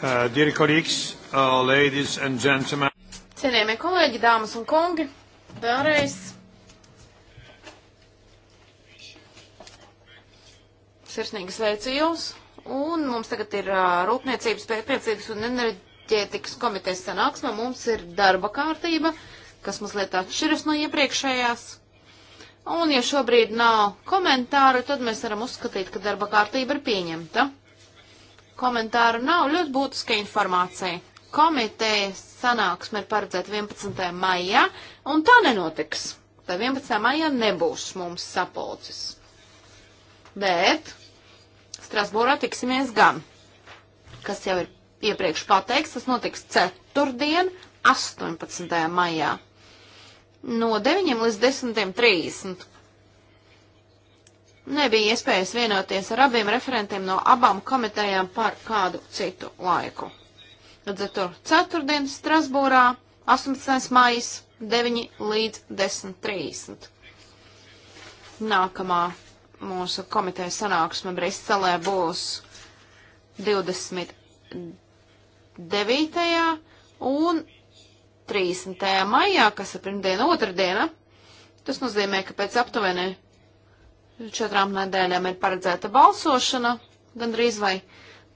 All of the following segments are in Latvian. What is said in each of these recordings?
Uh, dear colleagues, uh, ladies and gentlemen. Cienījamie kolēģi, dāmas un kungi, vēlreiz. Sirsnīgi sveicu jūs. Un mums tagad ir uh, Rūpniecības, Pētniecības un enerģētikas komitejas sanāksme. Mums ir darba kārtība, kas mazliet atšķiras no iepriekšējās. Un ja šobrīd nav komentāru, tad mēs varam uzskatīt, ka darba kārtība ir pieņemta. Komentāru nav ļoti būtiska informācija. Komitejas sanāksme ir paredzēta 11. maijā, un tā nenotiks. Tā 11. maijā nebūs mums sapulcis. Bet Strasbūrā tiksimies gan, kas jau ir iepriekš pateikts, tas notiks ceturtdien, 18. maijā. No 9 līdz 10.30 nebija iespējas vienoties ar abiem referentiem no abām komitejām par kādu citu laiku. Līdz ar to ceturtdien Strasbūrā 18. maijas 9 līdz 10.30. Nākamā mūsu komiteja sanāksme Briselē būs 29. un 30. maijā, kas ir pirmdiena, otrdiena. Tas nozīmē, ka pēc aptuveni četrām nedēļām ir paredzēta balsošana, gandrīz vai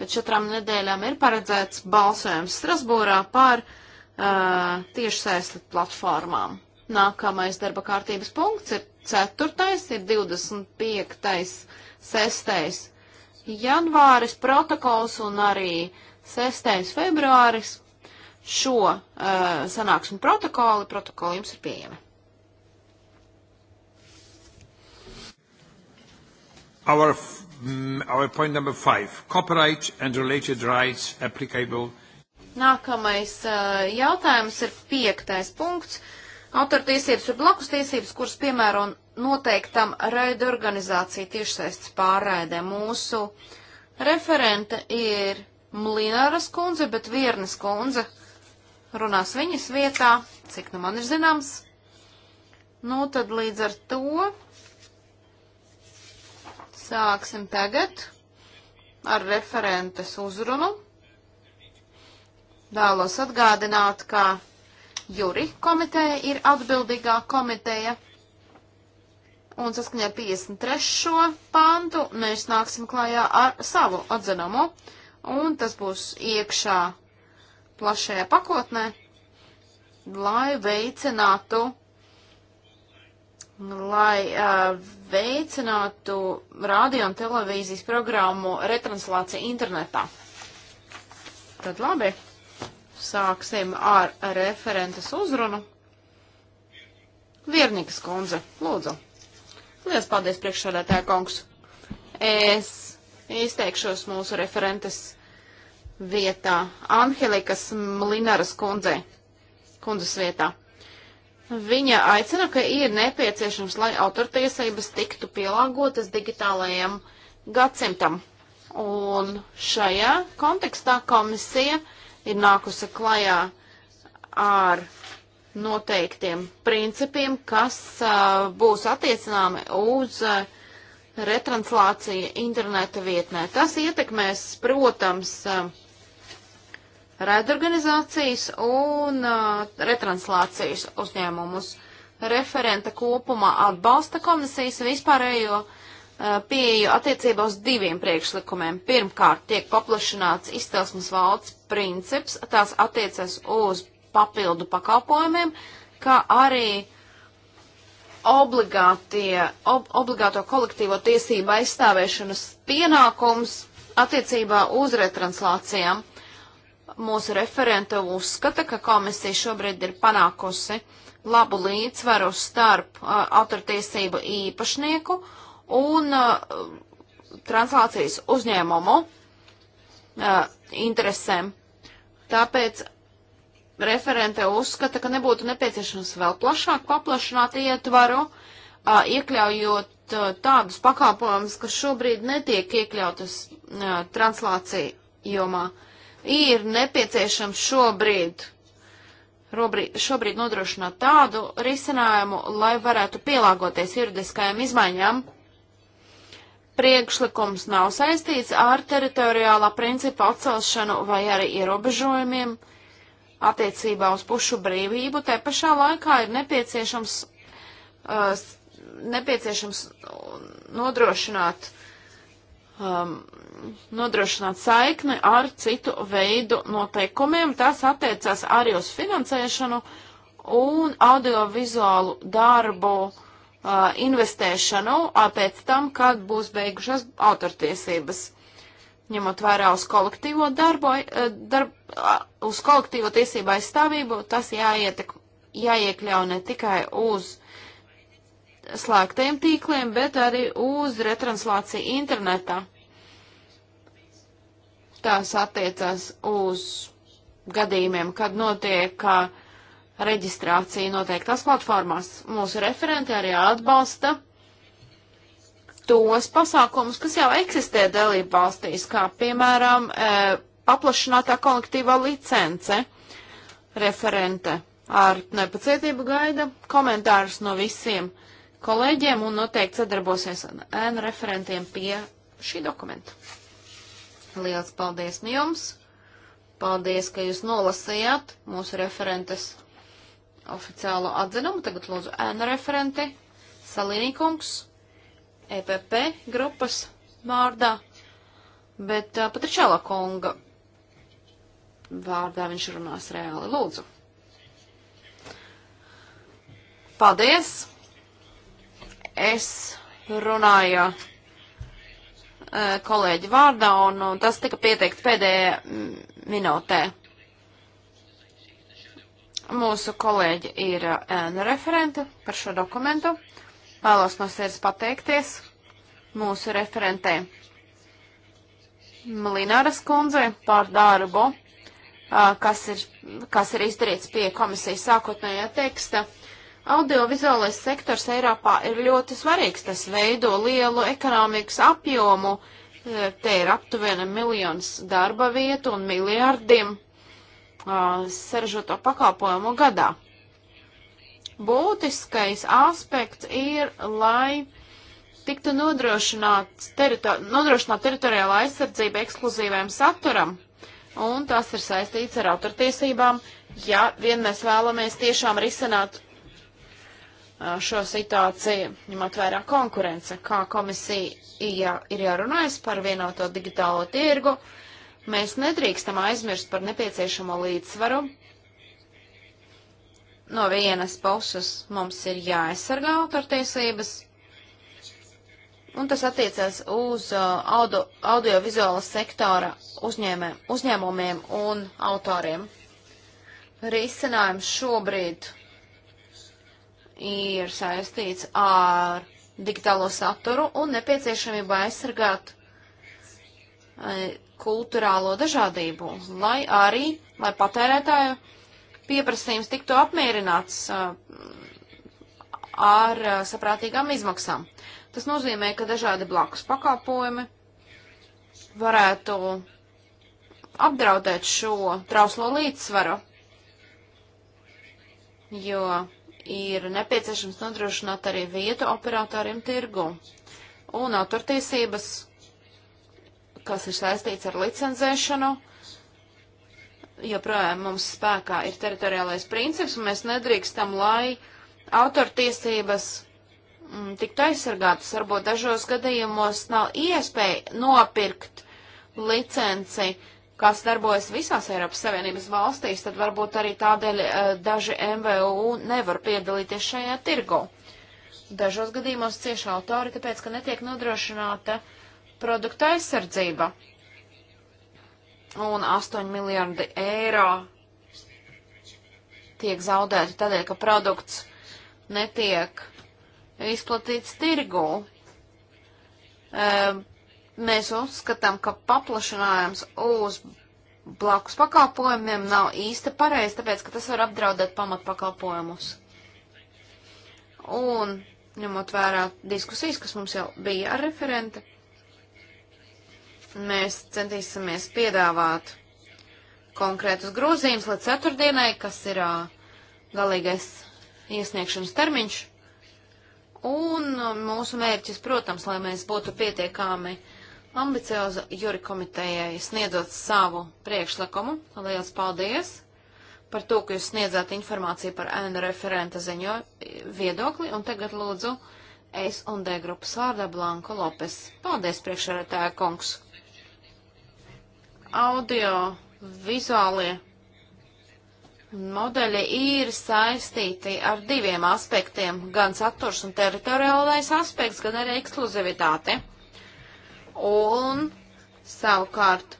pēc četrām nedēļām ir paredzēts balsojums Strasbūrā par uh, tiešsaistes platformām. Nākamais darba kārtības punkts ir 4. ir 25. 6. janvāris protokols un arī 6. februāris šo uh, sanāksmu protokoli. Protokoli jums ir pieejami. Our, mm, our point number five, copyright and related rights applicable. Nākamais uh, jautājums ir piektais punkts. Autortiesības ir blakus tiesības, kuras piemēro noteiktam raidu organizāciju tiešsaistes pārraidē. Mūsu referente ir Mlināras kundze, bet Viernes kundze runās viņas vietā, cik nu man ir zināms. Nu, tad līdz ar to Sāksim tagad ar referentes uzrunu. Vēlos atgādināt, ka Juri komiteja ir atbildīgā komiteja. Un saskaņā ar 53. pantu mēs nāksim klājā ar savu atzinumu. Un tas būs iekšā plašajā pakotnē, lai veicinātu lai uh, veicinātu radio un televīzijas programmu retranslāciju internetā. Tad labi, sāksim ar referentes uzrunu. Viernikas kundze, lūdzu. Lielas paldies priekšsādātāja kungs. Es izteikšos mūsu referentes vietā, Anhelikas Mlinaras kundzei, kundzes vietā. Viņa aicina, ka ir nepieciešams, lai autortiesības tiktu pielāgotas digitālajiem gadsimtam. Un šajā kontekstā komisija ir nākusi klajā ar noteiktiem principiem, kas uh, būs attiecināmi uz uh, retranslāciju interneta vietnē. Tas ietekmēs, protams, uh, raidorganizācijas un uh, retranslācijas uzņēmumus. Referenta kopumā atbalsta komisijas vispārējo uh, pieeju attiecībā uz diviem priekšlikumiem. Pirmkārt, tiek paplašināts izcelsmes valsts princips, tās attiecas uz papildu pakalpojumiem, kā arī obligātie, ob, obligāto kolektīvo tiesību aizstāvēšanas pienākums attiecībā uz retranslācijām mūsu referente uzskata, ka komisija šobrīd ir panākusi labu līdzsvaru starp uh, autortiesību īpašnieku un uh, translācijas uzņēmumu uh, interesēm. Tāpēc referente uzskata, ka nebūtu nepieciešams vēl plašāk paplašināt ietvaru, uh, iekļaujot uh, tādus pakāpojumus, kas šobrīd netiek iekļautas uh, translācija jomā. Uh, ir nepieciešams šobrīd, robrīd, šobrīd nodrošināt tādu risinājumu, lai varētu pielāgoties juridiskajām izmaiņām. Priekšlikums nav saistīts ar teritoriālā principa atcelšanu vai arī ierobežojumiem attiecībā uz pušu brīvību. Te pašā laikā ir nepieciešams, uh, nepieciešams nodrošināt um, nodrošināt saikni ar citu veidu noteikumiem. Tas attiecās arī uz finansēšanu un audiovizuālu darbu uh, investēšanu pēc tam, kad būs beigušas autortiesības. Ņemot vērā uz kolektīvo darbu, uh, darb, uh, uz kolektīvo tiesību aizstāvību, tas jāietek, jāiekļauj ne tikai uz slēgtajiem tīkliem, bet arī uz retranslāciju internetā. Tās attiecās uz gadījumiem, kad notiek reģistrācija noteiktās platformās. Mūsu referenti arī atbalsta tos pasākumus, kas jau eksistē dalību valstīs, kā piemēram e, paplašinātā kolektīvā licence referente ar nepacietību gaida komentārus no visiem kolēģiem un noteikti sadarbosies ar ēnu referentiem pie šī dokumenta. Liels paldies jums! Paldies, ka jūs nolasījāt mūsu referentes oficiālo atzinumu. Tagad lūdzu ēna referenti Salinīkungs, EPP grupas vārdā, bet uh, Patričāla kunga vārdā viņš runās reāli. Lūdzu! Paldies! Es runāju Uh, kolēģi vārdā, un tas tika pieteikt pēdējā mm, minūtē. Mūsu kolēģi ir uh, ēna referente par šo dokumentu. Vēlos no sirds pateikties mūsu referentē Malināras kundzei par darbu, uh, kas ir, kas ir izdarīts pie komisijas sākotnējā teksta. Audiovizuālais sektors Eiropā ir ļoti svarīgs. Tas veido lielu ekonomikas apjomu. Eh, Te ir aptuveni miljons darba vietu un miljārdiem uh, saražoto pakalpojumu gadā. Būtiskais aspekts ir, lai tiktu nodrošināta teritori nodrošināt teritoriāla aizsardzība ekskluzīvajam saturam, un tas ir saistīts ar autortiesībām, ja vien mēs vēlamies tiešām risināt šo situāciju, ņemot vērā konkurence, kā komisija jā, ir jārunājas par vienoto digitālo tirgu, mēs nedrīkstam aizmirst par nepieciešamo līdzsvaru. No vienas puses mums ir jāaizsargā autortiesības, un tas attiecas uz audio, audiovizuāla sektora uzņēmē, uzņēmumiem un autoriem. Risinājums šobrīd ir saistīts ar digitālo saturu un nepieciešamību aizsargāt eh, kultūrālo dažādību, lai arī, lai patērētāju pieprasījums tiktu apmierināts eh, ar eh, saprātīgām izmaksām. Tas nozīmē, ka dažādi blakus pakāpojumi varētu apdraudēt šo trauslo līdzsvaru, jo ir nepieciešams nodrošināt arī vietu operatoriem tirgu. Un autortiesības, kas ir saistīts ar licencēšanu, joprojām mums spēkā ir teritoriālais princips, un mēs nedrīkstam, lai autortiesības m, mm, tiktu aizsargātas. Varbūt dažos gadījumos nav iespēja nopirkt licenci kas darbojas visās Eiropas Savienības valstīs, tad varbūt arī tādēļ eh, daži MVU nevar piedalīties šajā tirgu. Dažos gadījumos cieši autori, tāpēc, ka netiek nodrošināta produkta aizsardzība. Un 8 miljardi eiro tiek zaudēti tādēļ, ka produkts netiek izplatīts tirgū. Um, eh, Mēs uzskatām, ka paplašinājums uz blakus pakalpojumiem nav īsti pareizi, tāpēc, ka tas var apdraudēt pamatpakalpojumus. Un, ņemot vērā diskusijas, kas mums jau bija ar referente, mēs centīsimies piedāvāt konkrētus grozījumus līdz ceturtdienai, kas ir galīgais iesniegšanas termiņš. Un mūsu mērķis, protams, lai mēs būtu pietiekami uh, ambicioza juri komitejai sniedzot savu priekšlikumu. Liels paldies par to, ka jūs sniedzāt informāciju par ēnu referenta ziņo e, viedokli. Un tagad lūdzu es un D grupas vārdā Blanko Lopes. Paldies, priekšsēdētāja kungs. Audio vizuālie modeļi ir saistīti ar diviem aspektiem - gan saturs un teritoriālais aspekts, gan arī ekskluzivitāte. Un savukārt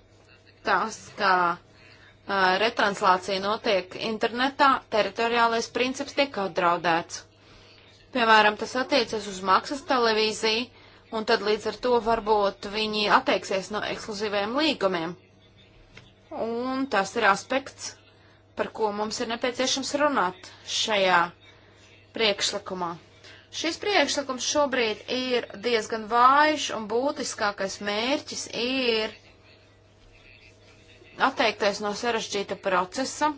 tas, kā uh, retranslācija notiek internetā, teritoriālais princips tiek apdraudēts. Piemēram, tas attiecas uz maksas televīziju, un tad līdz ar to varbūt viņi atteiksies no ekskluzīviem līgumiem. Un tas ir aspekts, par ko mums ir nepieciešams runāt šajā priekšlikumā. Šis priekšlikums šobrīd ir diezgan vājš un būtiskākais mērķis ir atteikties no sarežģīta procesa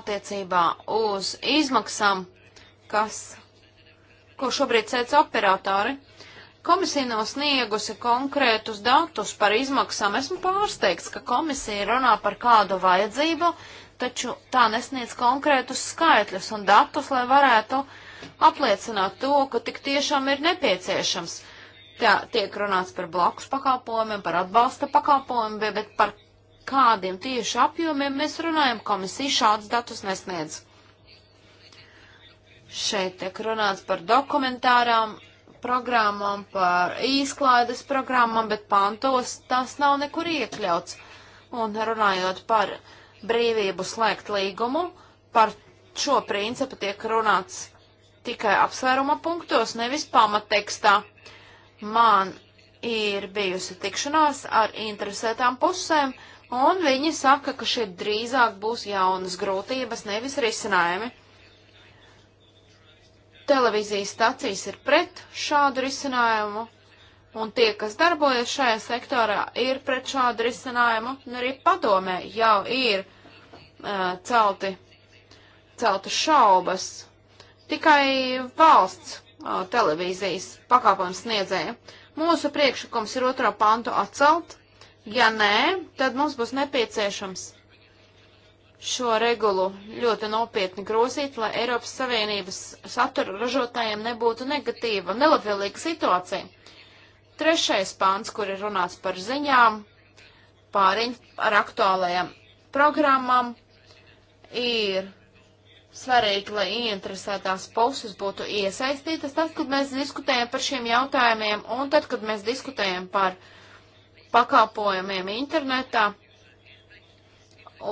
attiecībā uz izmaksām, kas, ko šobrīd sēdz operatori. Komisija nav sniegusi konkrētus datus par izmaksām. Esmu pārsteigts, ka komisija runā par kādu vajadzību, taču tā nesniedz konkrētus skaitļus un datus, lai varētu uh, apliecināt to, ka tik tiešām ir nepieciešams. Tā tiek runāts par blakus pakalpojumiem, par atbalsta pakalpojumiem, bet par kādiem tieši apjomiem mēs runājam, komisija šādus datus nesniedz. Šeit tiek runāts par dokumentārām programmām, par īsklaides programmām, bet pantos tas nav nekur iekļauts. Un runājot par brīvību slēgt līgumu, par šo principu tiek runāts tikai apsvēruma punktos, nevis pamattekstā. Man ir bijusi tikšanās ar interesētām pusēm, un viņi saka, ka šeit drīzāk būs jaunas grūtības, nevis risinājumi. Televīzijas stacijas ir pret šādu risinājumu, un tie, kas darbojas šajā sektorā, ir pret šādu risinājumu, un arī padomē jau ir uh, celti, celti šaubas tikai valsts uh, televīzijas pakāpojums sniedzēja. Mūsu priekšlikums ir otro pantu atcelt. Ja nē, tad mums būs nepieciešams šo regulu ļoti nopietni grozīt, lai Eiropas Savienības satura ražotājiem nebūtu negatīva, nelabvēlīga situācija. Trešais pāns, kur ir runāts par ziņām, pāriņ ar aktuālajām programmām, ir svarīgi, lai ieinteresētās puses būtu iesaistītas, tad, kad mēs diskutējam par šiem jautājumiem un tad, kad mēs diskutējam par pakalpojumiem internetā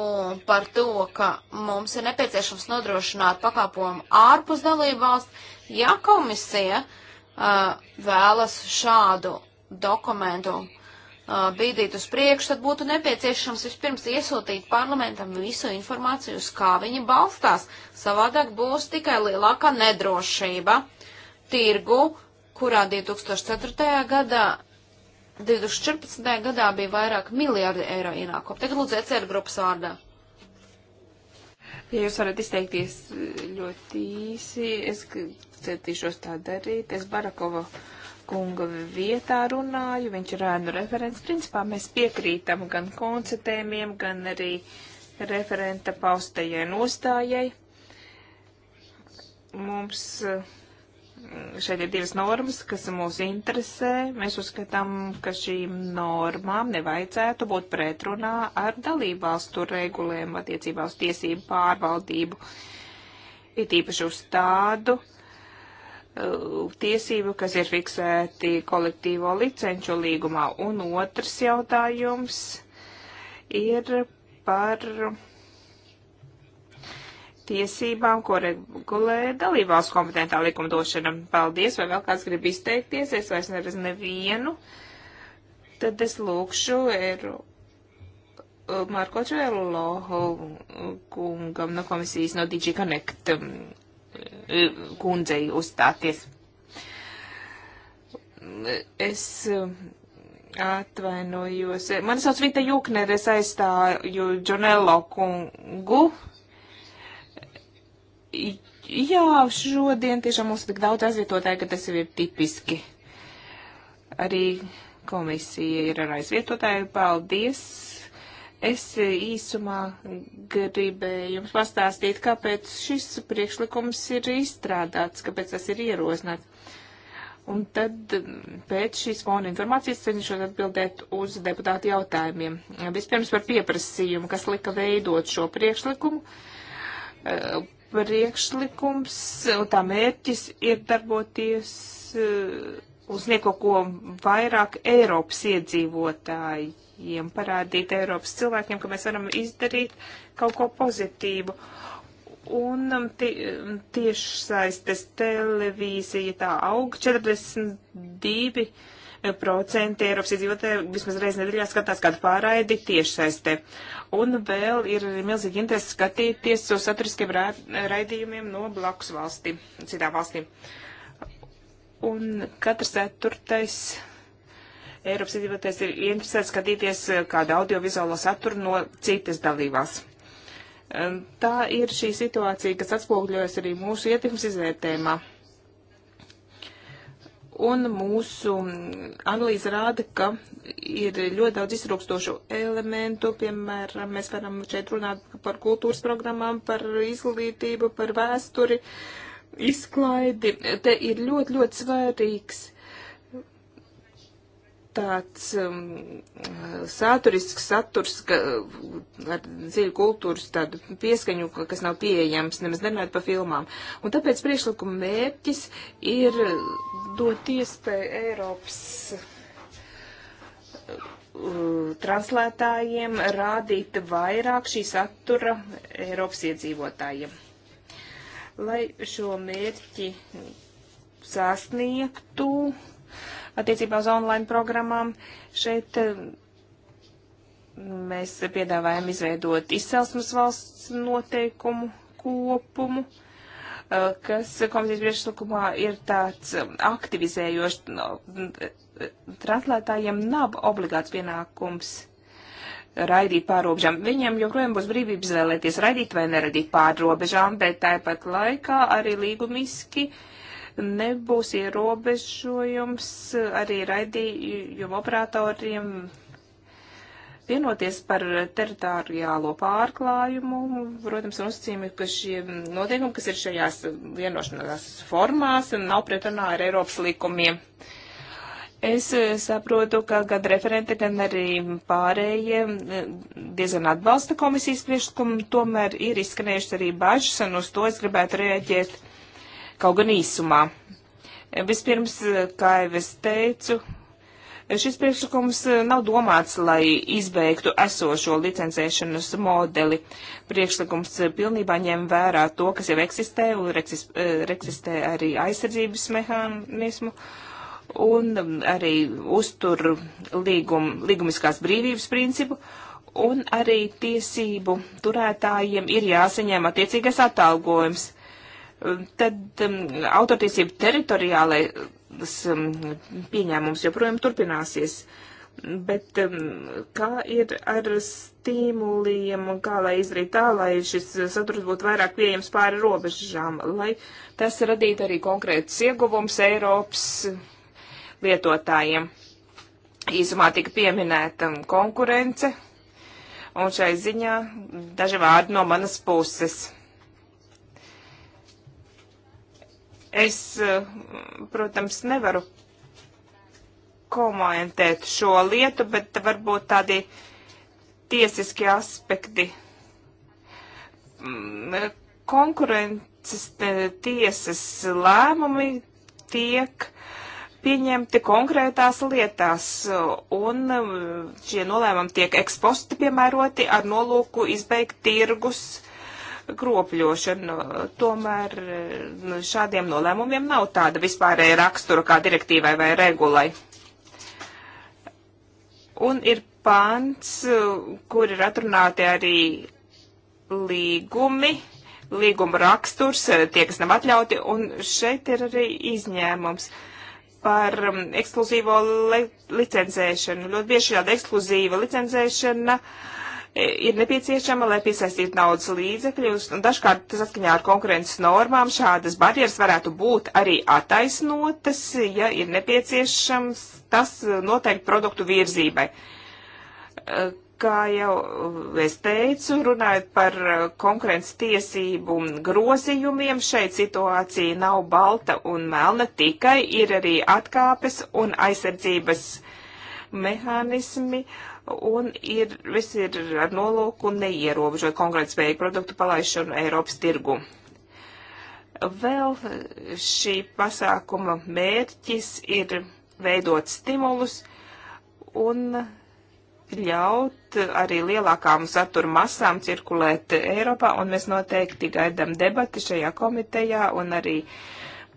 un par to, ka mums ir nepieciešams nodrošināt pakalpojumu ārpus dalību valsts, ja komisija uh, vēlas šādu dokumentu uh, bīdīt uz priekšu, tad būtu nepieciešams vispirms iesūtīt parlamentam visu informāciju, uz kā viņi balstās. Savādāk būs tikai lielākā nedrošība tirgu, kurā 2004. gadā, 2014. gadā bija vairāk miljārdi eiro ienākumu. Tagad lūdzu ECR grupas vārdā. Ja jūs varat izteikties ļoti īsi, es centīšos tā darīt. Es Barakova. Uh, kunga vietā runāju, viņš ir ēnu referents. Principā mēs piekrītam gan konceptējumiem, gan arī referenta paustajai nostājai. Mums eh, šeit ir divas normas, kas mūs interesē. Mēs uzskatām, ka šīm normām nevajadzētu būt pretrunā ar dalībvalstu regulēm attiecībā uz tiesību pārvaldību. Ir tīpaši uz tādu uh, Uh, tiesību, kas ir fiksēti kolektīvo licenču līgumā. Un otrs jautājums ir par tiesībām, ko regulē dalībās kompetentā likumdošana. Paldies, vai vēl kāds grib izteikties, es vairs neredzu nevienu. Tad es lūkšu Eiro. Uh, Marko Čēlo kungam no komisijas no DigiConnect um, E, kundzei uzstāties. Es e, atvainojos. Mani sauc Vita Jukner, es aizstāju Džonello kungu. Jā, šodien tiešām mums ir tik daudz aizvietotāju, ka tas jau ir tipiski. Arī komisija ir ar aizvietotāju. Paldies Es eh, īsumā gribēju jums pastāstīt, kāpēc šis priekšlikums ir izstrādāts, kāpēc tas ir ierosināts. Un tad eh, pēc šīs fona informācijas cenšos atbildēt uz deputātu jautājumiem. Eh, vispirms par pieprasījumu, kas lika veidot šo priekšlikumu. Priekšlikums un tā mērķis ir darboties uz nieko, ko vairāk Eiropas iedzīvotāji cilvēkiem, parādīt Eiropas cilvēkiem, ka mēs varam izdarīt kaut ko pozitīvu. Un um, um, tiešsaistes televīzija tā aug 42. Eh, procenti Eiropas iedzīvotāji vismaz reizi nedēļā skatās kādu pārraidi tiešsaistē. Un vēl ir milzīgi interesi skatīties uz saturiskiem raidījumiem no blakus valstīm, citām valstīm. Un katrs ceturtais Eiropas iedzīvotājs ir interesēts skatīties eh, kādu audiovizuālo saturu no citas dalībās. Ehm, tā ir šī situācija, kas atspogļojas arī mūsu ietekmes izvērtējumā. Un mūsu mm, analīze rāda, ka ir ļoti daudz izrūkstošu elementu, piemēram, mēs varam šeit runāt par kultūras programmām, par izglītību, par vēsturi, izklaidi. Te ir ļoti, ļoti svarīgs tāds um, saturisks saturs, ka, ar dziļu kultūras tādu pieskaņu, kas nav pieejams, nemaz nerunājot pa filmām. Un tāpēc priekšlikuma mērķis ir dot iespēju Eiropas uh, translētājiem rādīt vairāk šī satura Eiropas iedzīvotājiem. Lai šo mērķi sasniegtu, attiecībā uz online programmām. Šeit eh, mēs piedāvājam izveidot izcelsmes valsts noteikumu kopumu eh, kas komisijas priekšlikumā ir tāds eh, aktivizējošs. Translētājiem nav obligāts pienākums raidīt pārrobežām. Viņiem joprojām būs brīvība izvēlēties raidīt vai neradīt pārrobežām, bet tāpat laikā arī līgumiski uh, nebūs ierobežojums arī raidījumu operatoriem vienoties par teritoriālo pārklājumu. Protams, nosacījumi, ka šie noteikumi, kas ir šajās vienošanās formās, nav pretrunā ar Eiropas likumiem. Es saprotu, ka gan referente, gan arī pārējie diezgan atbalsta komisijas priekšlikumu, tomēr ir izskanējušas arī bažas, un uz to es gribētu rēģēt kaut gan īsumā. Vispirms, eh, kā jau es teicu, šis priekšlikums eh, nav domāts, lai izbeigtu esošo licencēšanas modeli. Priekšlikums eh, pilnībā ņem vērā to, kas jau eksistē, un eksistē arī aizsardzības mehānismu, un mm, arī uztur līgum, līgumiskās brīvības principu un arī tiesību turētājiem ir jāsaņem attiecīgais atalgojums tad um, autortiesību teritoriālais um, pieņēmums joprojām turpināsies. Bet um, kā ir ar stimuliem un kā lai izdarīt tā, lai šis saturs būtu vairāk pieejams pāri robežām, lai tas radītu arī konkrētus ieguvums Eiropas lietotājiem? Īsumā tika pieminēta konkurence, un šai ziņā daži vārdi no manas puses. Es, eh, protams, nevaru komentēt šo lietu, bet varbūt tādi tiesiski aspekti. Mm, eh, konkurences tiesas lēmumi tiek pieņemti konkrētās lietās, un eh, šie nolēmumi tiek eksposti piemēroti ar nolūku izbeigt tirgus uh, kropļošanu. Tomēr nu, šādiem nolēmumiem nav tāda vispārēja rakstura kā direktīvai vai regulai. Un ir pants, kur ir atrunāti arī līgumi, līguma raksturs, tie, kas nav atļauti, un šeit ir arī izņēmums par um, ekskluzīvo licencēšanu. Ļoti bieži šāda ekskluzīva licencēšana uh, ir nepieciešama, lai piesaistītu naudas līdzekļus, un dažkārt tas atskaņā ar konkurences normām šādas barjeras varētu būt arī attaisnotas, ja ir nepieciešams tas noteikti produktu virzībai. Kā jau es teicu, runājot par konkurences tiesību grozījumiem, šeit situācija nav balta un melna, tikai ir arī atkāpes un aizsardzības mehānismi. Uh, un ir, viss ir ar nolūku neierobežot konkrētu spēju produktu palaišanu Eiropas tirgu. Vēl šī pasākuma mērķis ir veidot stimulus un ļaut arī lielākām satura masām cirkulēt Eiropā, un mēs noteikti gaidām debati šajā komitejā un arī uh,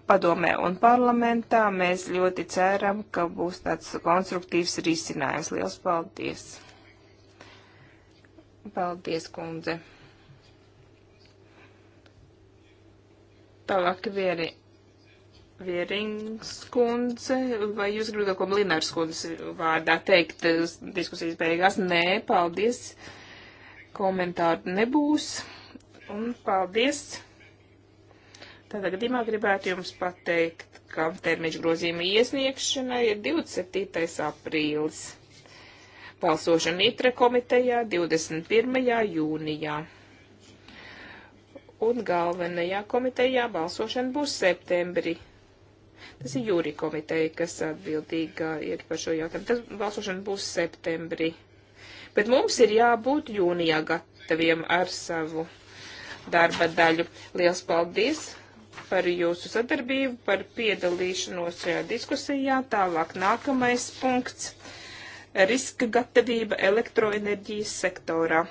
padomē un parlamentā. Mēs ļoti ceram, ka būs tāds konstruktīvs risinājums. Liels paldies! Paldies, kundze! Tālāk vieri. Vierings kundze, vai jūs gribat kaut ko Blinārs kundze vārdā teikt eh, diskusijas beigās? Nē, paldies. Komentāru nebūs. Un paldies. Tādā gadījumā gribētu jums pateikt, ka termiņš grozījuma iesniegšanai ir 27. aprīlis. Balsošana ITRE komitejā 21. jūnijā. Un galvenajā komitejā balsošana būs septembrī. Tas ir jūri komiteja, kas atbildīga ir par šo jautājumu. Tas balsošana būs septembrī. Bet mums ir jābūt jūnijā gataviem ar savu darba daļu. Liels paldies! par jūsu sadarbību, par piedalīšanos šajā diskusijā. Tālāk nākamais punkts - riska gatavība elektroenerģijas sektorā.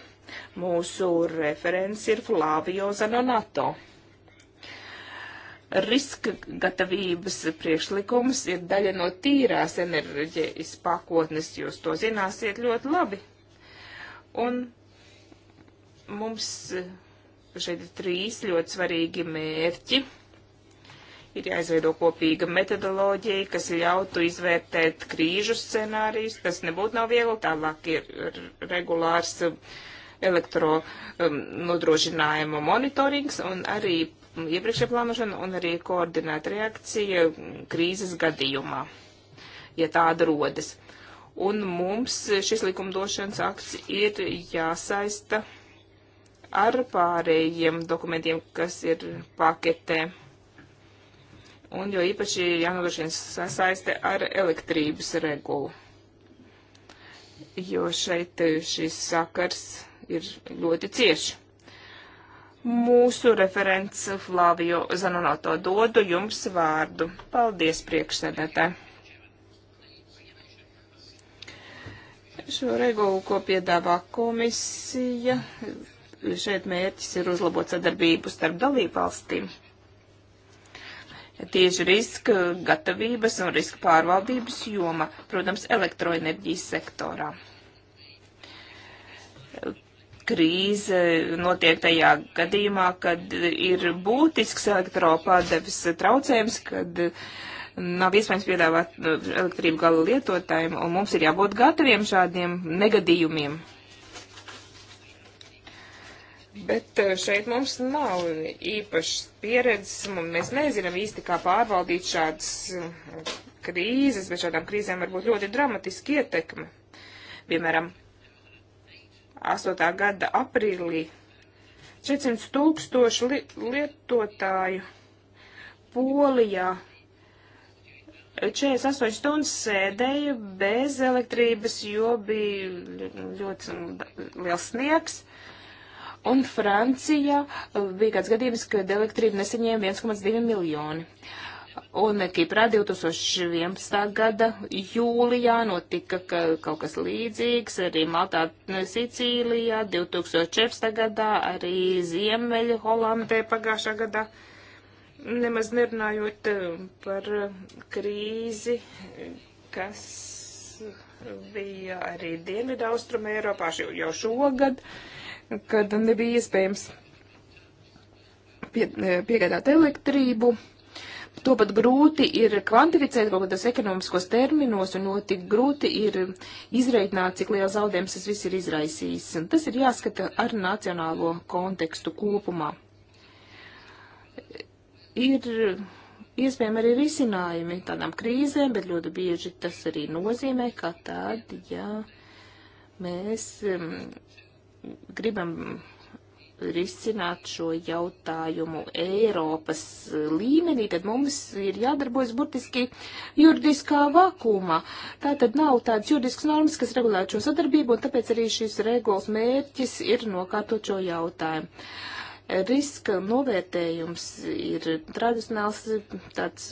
Mūsu referents ir Flavio Zanonato. Riska gatavības priekšlikums ir daļa no tīrās enerģijas pakotnes, jūs to zināsiet ļoti labi. Un mums Šeit ir trīs ļoti svarīgi mērķi. Ir jāizveido kopīga metodoloģija, kas ļautu izvērtēt krīžu scenārijus. Tas nebūtu nav viegli, tālāk ir regulārs um, elektro um, nodrošinājuma monitorings un arī iepriekšējā plānošana un arī koordinēta reakcija um, krīzes gadījumā, ja tāda rodas. Un mums šis likumdošanas akts ir jāsaista ar pārējiem dokumentiem, kas ir paketē. Un jo īpaši jānodrošina sasaiste ar elektrības regulu. Jo šeit eh, šis sakars ir ļoti cieši. Mūsu referents Flavio Zanonato dodu jums vārdu. Paldies priekšsēdētāji. Šo regulu, ko piedāvā komisija, šeit mērķis ir uzlabot sadarbību starp dalībvalstīm. Tieši riska gatavības un riska pārvaldības joma, protams, elektroenerģijas sektorā. Krīze notiek tajā gadījumā, kad ir būtisks elektropārdevis traucējums, kad nav iespējams piedāvāt elektrību gala lietotājiem, un mums ir jābūt gataviem šādiem negadījumiem. Bet eh, šeit mums nav īpašas pieredzes, un mēs nezinām īsti, kā pārvaldīt šādas eh, krīzes, bet šādām krīzēm var būt ļoti dramatiski ietekme. Piemēram, 8. gada aprīlī 400 tūkstoši li lietotāju Polijā 48 stundas sēdēju bez elektrības, jo bija ļoti liels sniegs. Un Francijā eh, bija kāds gadījums, kad elektrību nesaņēma 1,2 miljoni. Un Kiprā 2011. gada jūlijā notika ka, kaut kas līdzīgs, arī Maltā, Sicīlijā 2014. gadā, arī Ziemeļa Holandē pagājušā gadā. Nemaz nerunājot eh, par eh, krīzi, kas bija arī Dienvidu Austruma Eiropā jau šogad. Uh, kad nebija iespējams pie, e, piegādāt elektrību. To pat grūti ir kvantificēt kaut kādos ekonomiskos terminos, un notik grūti ir izreikināt, cik liela zaudējums tas viss ir izraisījis. Un tas ir jāskata ar nacionālo kontekstu kopumā. Ir iespējami arī risinājumi tādām krīzēm, bet ļoti bieži tas arī nozīmē, ka tad, ja mēs mm, gribam risināt šo jautājumu Eiropas līmenī, tad mums ir jādarbojas burtiski juridiskā vakumā. Tā tad nav tādas juridiskas normas, kas regulētu šo sadarbību, un tāpēc arī šīs regulas mērķis ir nokārtot šo jautājumu. Riska novērtējums ir tradicionāls tāds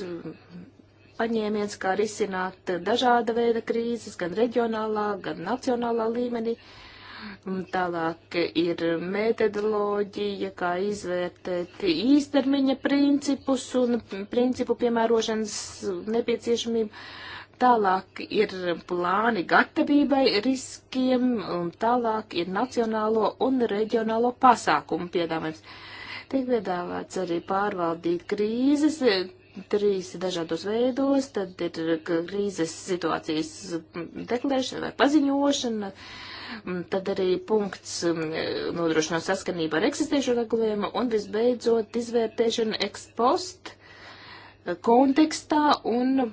paņēmiens, kā risināt dažāda veida krīzes, gan reģionālā, gan nacionālā līmenī. Uh, Tālāk ir metodoloģija, kā izvērtēt īstermiņa principus un principu piemērošanas nepieciešamību. Tālāk ir plāni gatavībai riskiem, un tālāk ir nacionālo un reģionālo pasākumu piedāvājums. Tiek piedāvāts arī pārvaldīt krīzes trīs dažādos veidos, tad ir krīzes situācijas deklarēšana vai paziņošana. Uh, Mm, tad arī punkts mm, nodrošino saskanību ar eksistējušo regulējumu un visbeidzot izvērtēšanu ekspost kontekstā un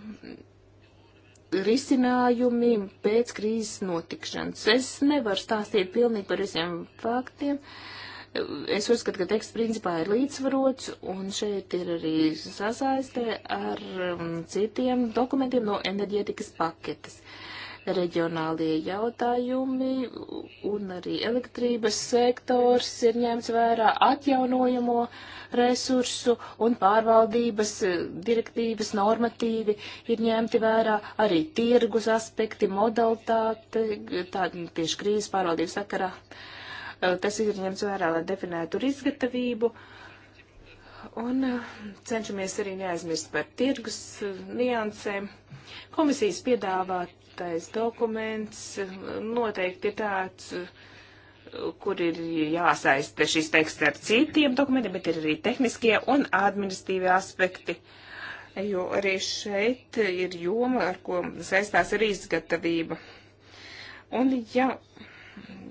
risinājumi pēc krīzes notikšanas. Es nevaru stāstīt pilnīgi par visiem faktiem. Es uzskatu, ka teksts principā ir līdzsvarots, un šeit ir arī sasaiste ar mm, citiem dokumentiem no enerģētikas paketes reģionālie jautājumi un arī elektrības sektors ir ņemts vērā atjaunojamo resursu un pārvaldības eh, direktīvas normatīvi ir ņemti vērā arī tirgus aspekti, modalitāte, tā tieši krīzes pārvaldības sakarā. Eh, tas ir ņemts vērā, lai definētu izgatavību. Un eh, cenšamies arī neaizmirst par tirgus niansēm. Komisijas piedāvāt Tais dokuments noteikti ir tāds, kur ir jāsaista šis teksts ar citiem dokumentiem, bet ir arī tehniskie un administīvie aspekti. Jo arī šeit ir joma, ar ko saistās arī izgatavība. Un ja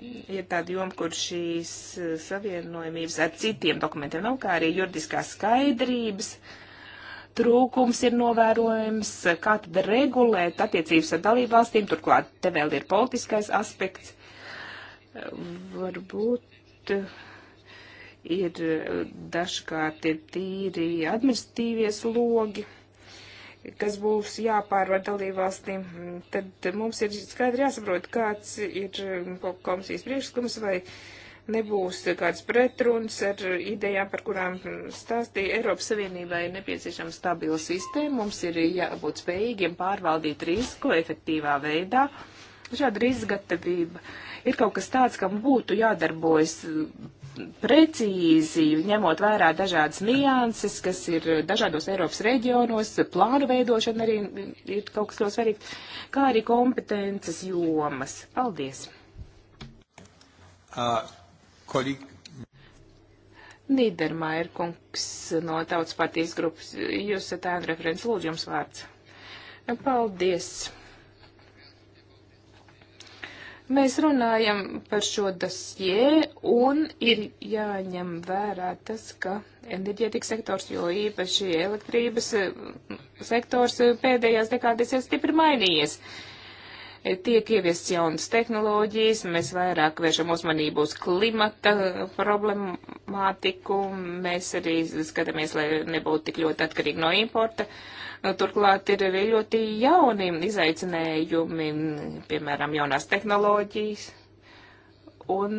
ir tāda joma, kur šīs savienojumības ar citiem dokumentiem nav, kā arī juridiskās skaidrības, uh, trūkums ir novērojams, kā tad regulēt attiecības ar dalībvalstīm, turklāt te vēl ir politiskais aspekts. Varbūt ir dažkārt ir tīri administratīvie slogi kas būs jāpārvar dalībvalstīm, tad mums ir skaidri jāsaprot, kāds ir komisijas priekšlikums vai uh, nebūs kāds pretruns ar idejām, par kurām stāstīja Eiropas Savienībai ir nepieciešama stabila sistēma, mums ir jābūt spējīgiem pārvaldīt risku efektīvā veidā. Šāda izgatavība ir kaut kas tāds, kam būtu jādarbojas precīzi, ņemot vērā dažādas nianses, kas ir dažādos Eiropas reģionos, plānu veidošana arī ir kaut kas ļoti svarīgs, kā arī kompetences jomas. Paldies! Uh, kolīgi. Nīdermaier kungs no Tautas partijas grupas. Jūs esat ēnu referents, lūdzu jums vārds. Nu, paldies. Mēs runājam par šo dasjē un ir jāņem vērā tas, ka enerģētikas sektors, jo īpaši elektrības sektors pēdējās dekādēs ir stipri mainījies. Uh, tiek ieviests jaunas tehnoloģijas, mēs vairāk vēršam uzmanību uz klimata problemātiku, mēs arī skatāmies, lai nebūtu tik ļoti atkarīgi no importa. Turklāt ir arī ļoti jauni izaicinējumi, piemēram, jaunās tehnoloģijas un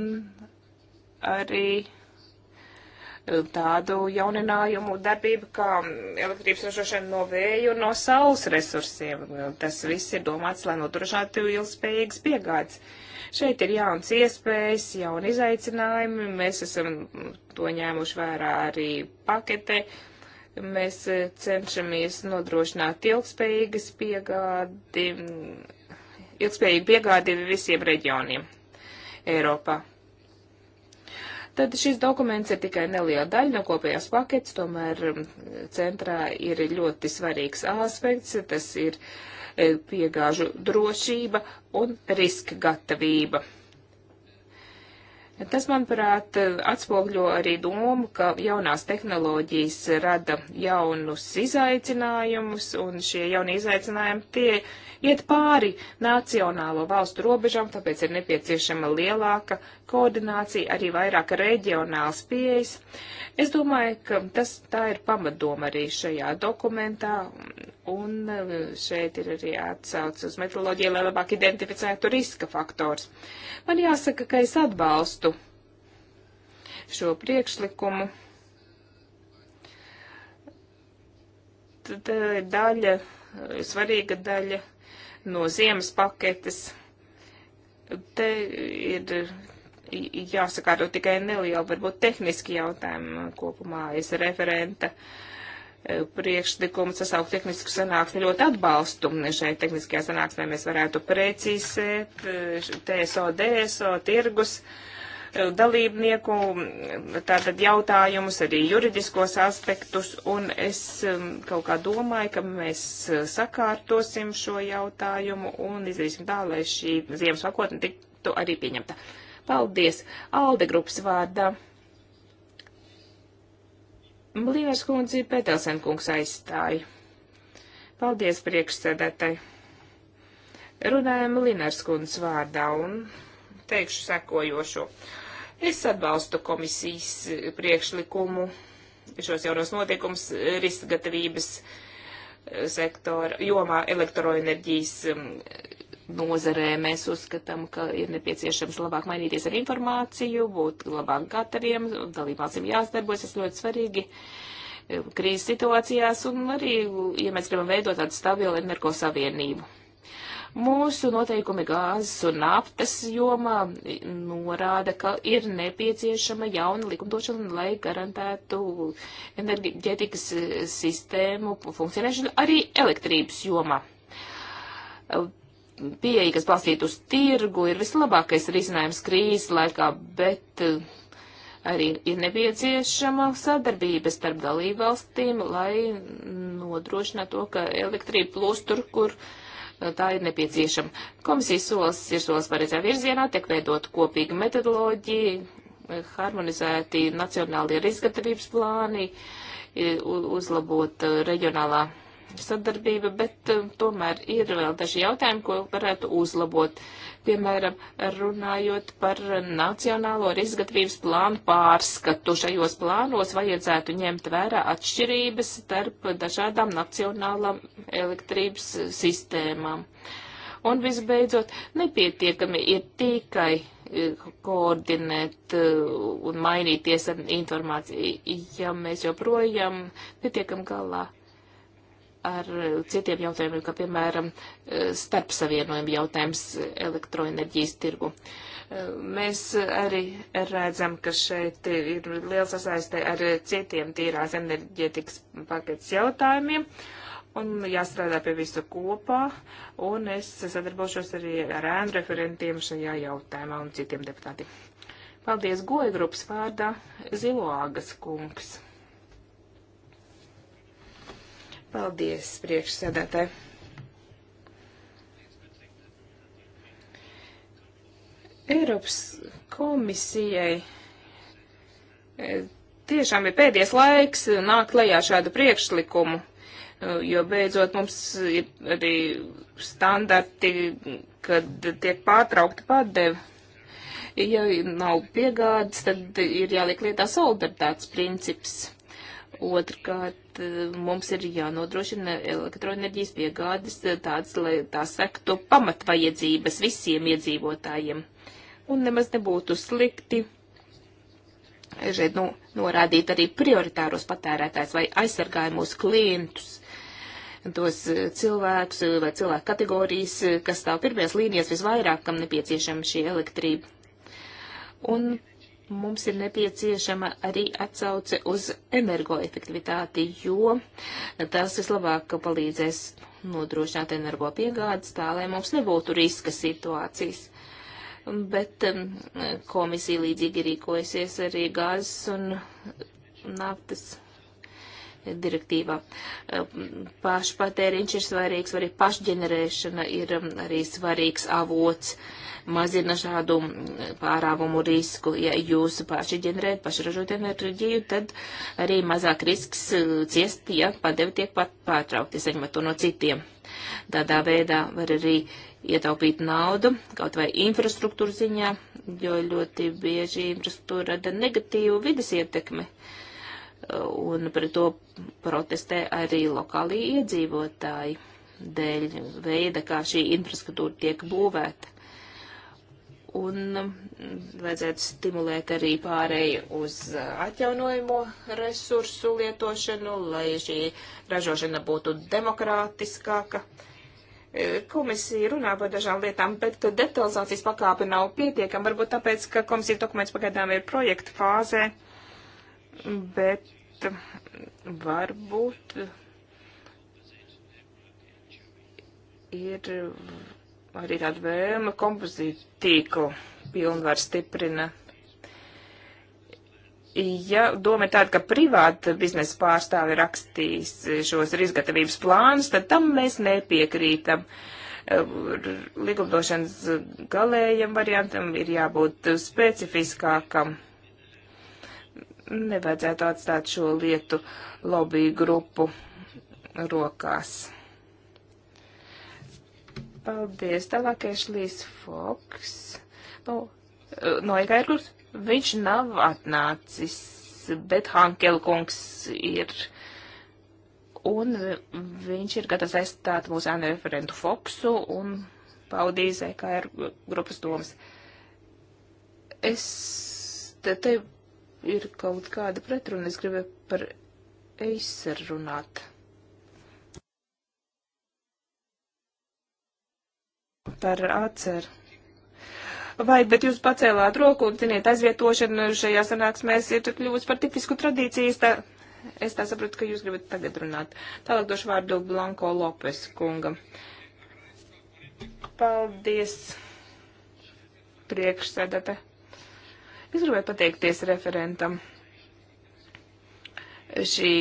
arī tādu jauninājumu darbību kā elektrības ražošana no vēja un no saules resursiem. Tas viss ir domāts, lai nodrošinātu ilgspējīgas piegādes. Šeit ir jauns iespējas, jauni izaicinājumi, mēs esam to ņēmuši vērā arī pakete. Mēs eh, cenšamies nodrošināt ilgspējīgas piegādi, ilgspējīgu piegādi visiem reģioniem Eiropā tad šis dokuments ir tikai neliela daļa no kopējās paketes, tomēr um, centrā ir ļoti svarīgs aspekts, tas ir eh, piegāžu drošība un riska gatavība. Tas, manuprāt, atspogļo arī domu, ka jaunās tehnoloģijas rada jaunus izaicinājumus, un šie jaunie izaicinājumi tie iet pāri nacionālo valstu robežām, tāpēc ir nepieciešama lielāka koordinācija, arī vairāk reģionāls pieejas. Es domāju, ka tas tā ir pamatdoma arī šajā dokumentā, Un e, šeit ir arī atsauce uz metroloģiju, lai labāk identificētu riska faktors. Man jāsaka, ka es atbalstu šo priekšlikumu. Tad daļa, svarīga daļa no ziemas paketes. Te ir jāsakārto tikai neliela, varbūt tehniski jautājumi kopumā. Es referenta. Uh, Eh, priekšlikumu sasaukt tehnisku sanāksmi ļoti atbalstu. Šai tehniskajā sanāksmē mēs varētu precīzēt eh, TSO, DSO, tirgus eh, dalībnieku, tātad jautājumus, arī juridiskos aspektus, un es kaut kā domāju, ka mēs sakārtosim šo jautājumu un izdarīsim tā, lai šī ziemas pakotne tiktu arī pieņemta. Paldies! Alde grupas vārdā. Blīvers kundzi Petelsen kungs aizstāja. Paldies priekšsēdētai. Runājam Linars kundzes vārdā un teikšu sekojošo. Es atbalstu komisijas priekšlikumu šos jaunos notiekums riska gatavības sektora jomā elektroenerģijas nozarē mēs uzskatām, ka ir nepieciešams labāk mainīties ar informāciju, būt labāk gataviem, dalībvalstīm jāsadarbojas, tas ļoti svarīgi e, krīzes situācijās un arī, ja mēs gribam veidot tādu stabilu energo savienību. Mūsu noteikumi gāzes un naftas jomā norāda, ka ir nepieciešama jauna likumdošana, lai garantētu enerģētikas e, sistēmu funkcionēšanu arī elektrības jomā pieeja, kas balstīta uz tirgu, ir vislabākais risinājums krīzes laikā, bet eh, arī ir nepieciešama sadarbība starp dalībvalstīm, lai nodrošinātu to, ka elektrība plūst tur, kur eh, tā ir nepieciešama. Komisijas solis ir solis pareizā virzienā, tiek veidot kopīga metodoloģija, eh, harmonizēti nacionālie riskgatavības plāni, uzlabot reģionālā sadarbība, bet um, tomēr ir vēl daži jautājumi, ko varētu uzlabot. Piemēram, runājot par nacionālo izgatavības plānu pārskatu, šajos plānos vajadzētu ņemt vērā atšķirības starp dažādām nacionālām elektrības sistēmām. Un visbeidzot, nepietiekami ir tikai eh, koordinēt eh, un mainīties ar informāciju, ja mēs joprojām pietiekam galā ar citiem jautājumiem, kā piemēram e, starpsavienojuma jautājums elektroenerģijas tirgu. E, mēs arī redzam, ka šeit ir liela sasaiste ar citiem tīrās enerģētikas paketes jautājumiem. Un jāstrādā pie visu kopā, un es sadarbošos arī ar ēnu referentiem šajā jautājumā un citiem deputātiem. Paldies goja grupas vārdā Ziloāgas kungs. Paldies, priekšsēdētāji. Eiropas komisijai e, tiešām ir pēdējais laiks nākt lejā šādu priekšlikumu, e, jo beidzot mums ir arī standarti, kad tiek pārtraukta padevi. Ja nav piegādes, tad ir jāliek lietā solidaritātes princips. Otrkārt, Eh, mums ir jānodrošina elektroenerģijas piegādes eh, tāds, lai tā sektu pamatvajadzības visiem iedzīvotājiem. Un nemaz nebūtu slikti šeit nu, norādīt arī prioritāros patērētājs, lai aizsargāja mūsu klientus, tos eh, cilvēkus vai cilvēku kategorijas, kas stāv pirmajās līnijās visvairāk, kam nepieciešama šī elektrība. Un mums ir nepieciešama arī atsauce uz energoefektivitāti, jo tas vislabāk palīdzēs nodrošināt energo piegādes tā, lai mums nebūtu riska situācijas. Bet um, komisija līdzīgi rīkojasies arī gāzes un naftas direktīvā. Pašpatēriņš ir svarīgs, arī pašģenerēšana ir um, arī svarīgs avots, mazina šādu um, pārāvumu risku. Ja jūs paši ģenerējat, paši ražot enerģiju, tad arī mazāk risks uh, ciest, ja padevi tiek pat pārtraukti, saņemot to no citiem. Tādā veidā var arī ietaupīt naudu, kaut vai infrastruktūra ziņā, jo ļoti bieži infrastruktūra rada negatīvu vidas ietekmi. Uh, un pret to protestē arī lokālī iedzīvotāji dēļ veida, kā šī infrastruktūra tiek būvēta. Un mm, vajadzētu stimulēt arī pārēju uz uh, atjaunojumu resursu lietošanu, lai šī ražošana būtu demokrātiskāka. E, komisija runā par dažām lietām, bet detalizācijas pakāpe nav pietiekama, varbūt tāpēc, ka komisija dokuments pagaidām ir projekta fāzē. Uh, bet varbūt ir arī tāda vēlme kompozīta tīklu pilnvar stiprina. Ja doma ir tāda, ka privāta biznesa pārstāvi rakstīs šos izgatavības plānus, tad tam mēs nepiekrītam. Likumdošanas galējam variantam ir jābūt specifiskākam nevajadzētu atstāt šo lietu lobby grupu rokās. Paldies, tālākais Līs Foks. Nu, no Ekairkurs viņš nav atnācis, bet Hankelkungs ir. Un viņš ir gatavs aizstāt mūsu ēnu referentu Foksu un paudīs EKR grupas domas. Es te, te ir kaut kāda pretruna. Es gribēju par Acer runāt. Par Acer. Vai, bet jūs pacēlāt roku un, ziniet, aizvietošana šajā sanāksmēs ir kļuvusi par tipisku tradīciju. Tā, es tā sapratu, ka jūs gribat tagad runāt. Tālāk došu vārdu Blanko Lopes kungam. Paldies, priekšsēdētāji. Es gribēju pateikties referentam. Šī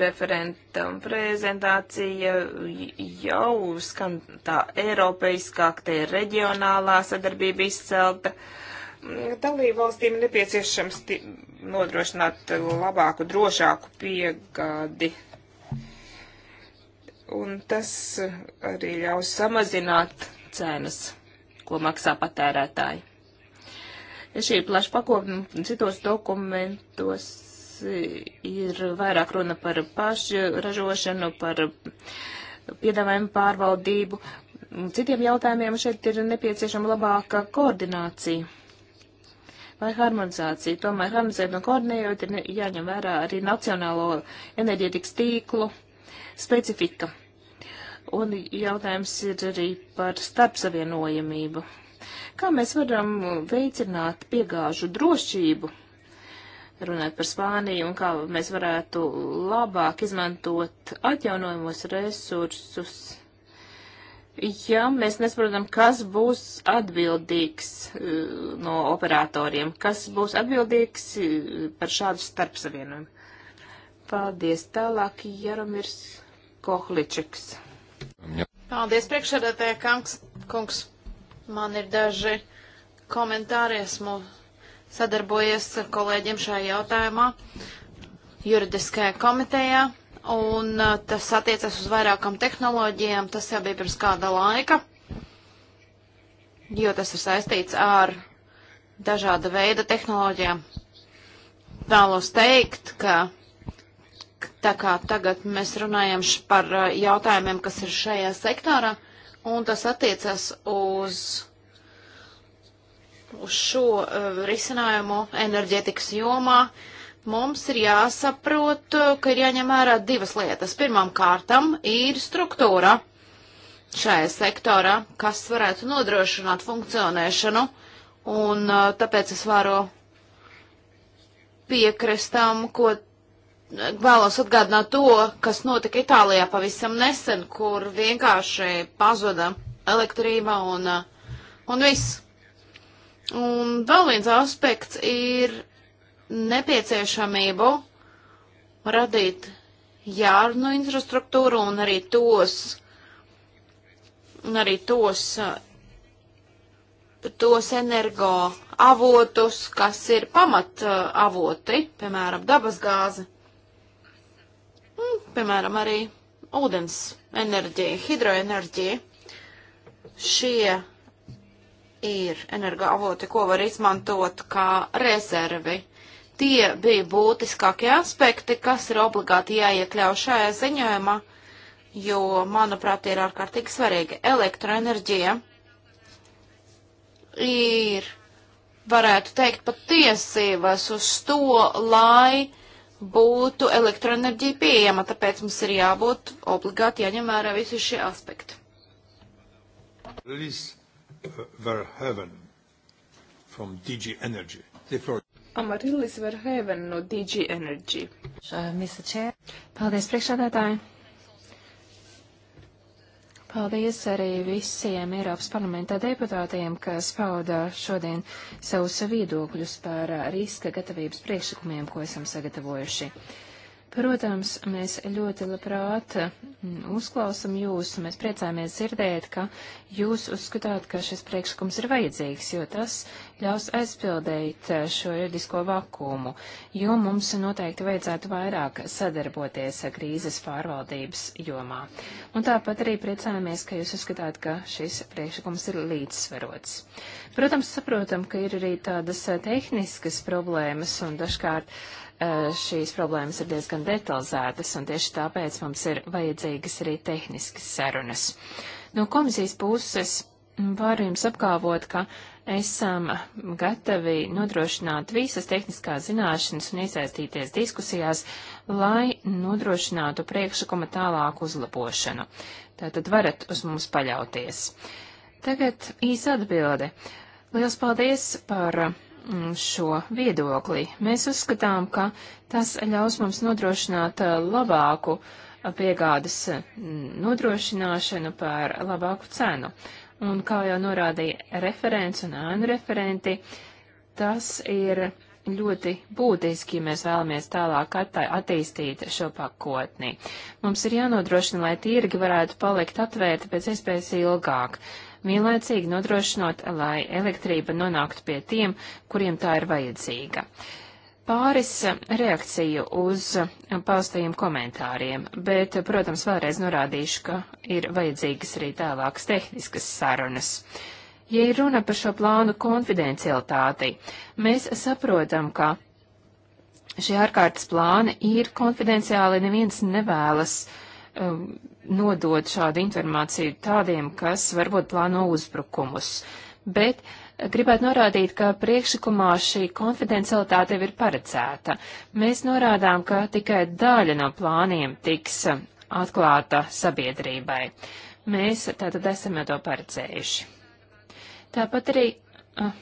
referenta prezentācija jau skan tā eiropeiskāk, te ir reģionālā sadarbība izcelta. Dalībvalstīm nepieciešams nodrošināt labāku, drošāku piegādi un tas arī ļaus samazināt cenas, ko maksā patērētāji šī plaša pakopuma citos dokumentos ir vairāk runa par pašražošanu, par piedāvājumu pārvaldību. Citiem jautājumiem šeit ir nepieciešama labāka koordinācija vai harmonizācija. Tomēr harmonizēt un koordinējot ir jāņem vērā arī nacionālo enerģētikas tīklu specifika. Un jautājums ir arī par starpsavienojamību. Kā mēs varam veicināt piegāžu drošību, runāt par Spāniju, un kā mēs varētu labāk izmantot atjaunojamos resursus? Ja mēs nesaprotam, kas būs atbildīgs uh, no operatoriem, kas būs atbildīgs uh, par šādu starpsavienojumu. Paldies. Tālāk Jaromirs Kohličiks. Paldies, priekšsēdētāja kungs. Man ir daži komentāri, esmu sadarbojies ar kolēģiem šajā jautājumā juridiskajā komitejā, un uh, tas attiecas uz vairākām tehnoloģijām, tas jau bija pirms kāda laika, jo tas ir saistīts ar dažāda veida tehnoloģijām. Vēlos teikt, ka tā kā tagad mēs runājam par uh, jautājumiem, kas ir šajā sektorā, un tas attiecas uz, uz šo uh, risinājumu enerģetikas jomā. Mums ir jāsaprot, eh, ka ir jāņem vērā divas lietas. Pirmām kārtam ir struktūra šajā sektorā, kas varētu nodrošināt funkcionēšanu, un uh, tāpēc es varu piekrist tam, ko vēlos atgādināt to, kas notika Itālijā pavisam nesen, kur vienkārši pazuda elektrība un, uh, un viss. Un vēl viens aspekts ir nepieciešamību radīt jārnu infrastruktūru un arī tos, un arī tos, uh, tos energo avotus, kas ir pamat uh, avoti, piemēram, dabasgāze. Un, mm, piemēram, arī ūdens enerģija, hidroenerģija. Šie ir energoavoti, ko var izmantot kā rezervi. Tie bija būtiskākie aspekti, kas ir obligāti jāiekļauj šajā ziņojumā, jo, manuprāt, ir ārkārtīgi svarīgi. Elektroenerģija ir, varētu teikt, pat tiesības uz to, lai būtu elektroenerģija pieejama, tāpēc mums ir jābūt obligāti jāņem vērā visi šie aspekti. Amarilis uh, Verheven no DG Energy. Uh, Paldies, priekšādātāji! Paldies arī visiem Eiropas parlamentā deputātiem, kas pauda šodien savus viedokļus par riska gatavības priekšlikumiem, ko esam sagatavojuši. Protams, mēs ļoti labprāt mm, uzklausam jūs, un mēs priecājamies dzirdēt, ka jūs uzskatāt, ka šis priekšlikums ir vajadzīgs, jo tas ļaus aizpildīt eh, šo juridisko vakumu, jo mums noteikti vajadzētu vairāk sadarboties eh, krīzes pārvaldības jomā. Un tāpat arī priecājamies, ka jūs uzskatāt, ka šis priekšlikums ir līdzsvarots. Protams, saprotam, ka ir arī tādas eh, tehniskas problēmas un dažkārt Eh, šīs problēmas ir diezgan detalizētas, un tieši tāpēc mums ir vajadzīgas arī tehniskas sarunas. No komisijas puses varu jums apgalvot, ka esam gatavi nodrošināt visas tehniskās zināšanas un iesaistīties diskusijās, lai nodrošinātu priekšlikuma tālāku uzlabošanu. Tātad varat uz mums paļauties. Tagad īsa atbilde. Liels paldies par uh, Mm, šo viedokli. Mēs uzskatām, ka tas ļaus mums nodrošināt uh, labāku uh, piegādes mm, nodrošināšanu par labāku cenu. Un kā jau norādīja referents un ēnu referenti, tas ir ļoti būtiski, ja mēs vēlamies tālāk attā, attīstīt šo pakotni. Mums ir jānodrošina, lai tirgi varētu palikt atvērti pēc iespējas ilgāk vienlaicīgi nodrošinot, lai elektrība nonāktu pie tiem, kuriem tā ir vajadzīga. Pāris reakciju uz paustajiem komentāriem, bet, protams, vēlreiz norādīšu, ka ir vajadzīgas arī tālākas tehniskas sarunas. Ja ir runa par šo plānu konfidencialitāti, mēs saprotam, ka šie ārkārtas plāni ir konfidenciāli, neviens nevēlas um, nodot šādu informāciju tādiem, kas varbūt plāno uzbrukumus. Bet gribētu norādīt, ka priekšlikumā šī konfidencialitāte jau ir paredzēta. Mēs norādām, ka tikai daļa no plāniem tiks atklāta sabiedrībai. Mēs tātad esam jau to paredzējuši. Tāpat arī uh,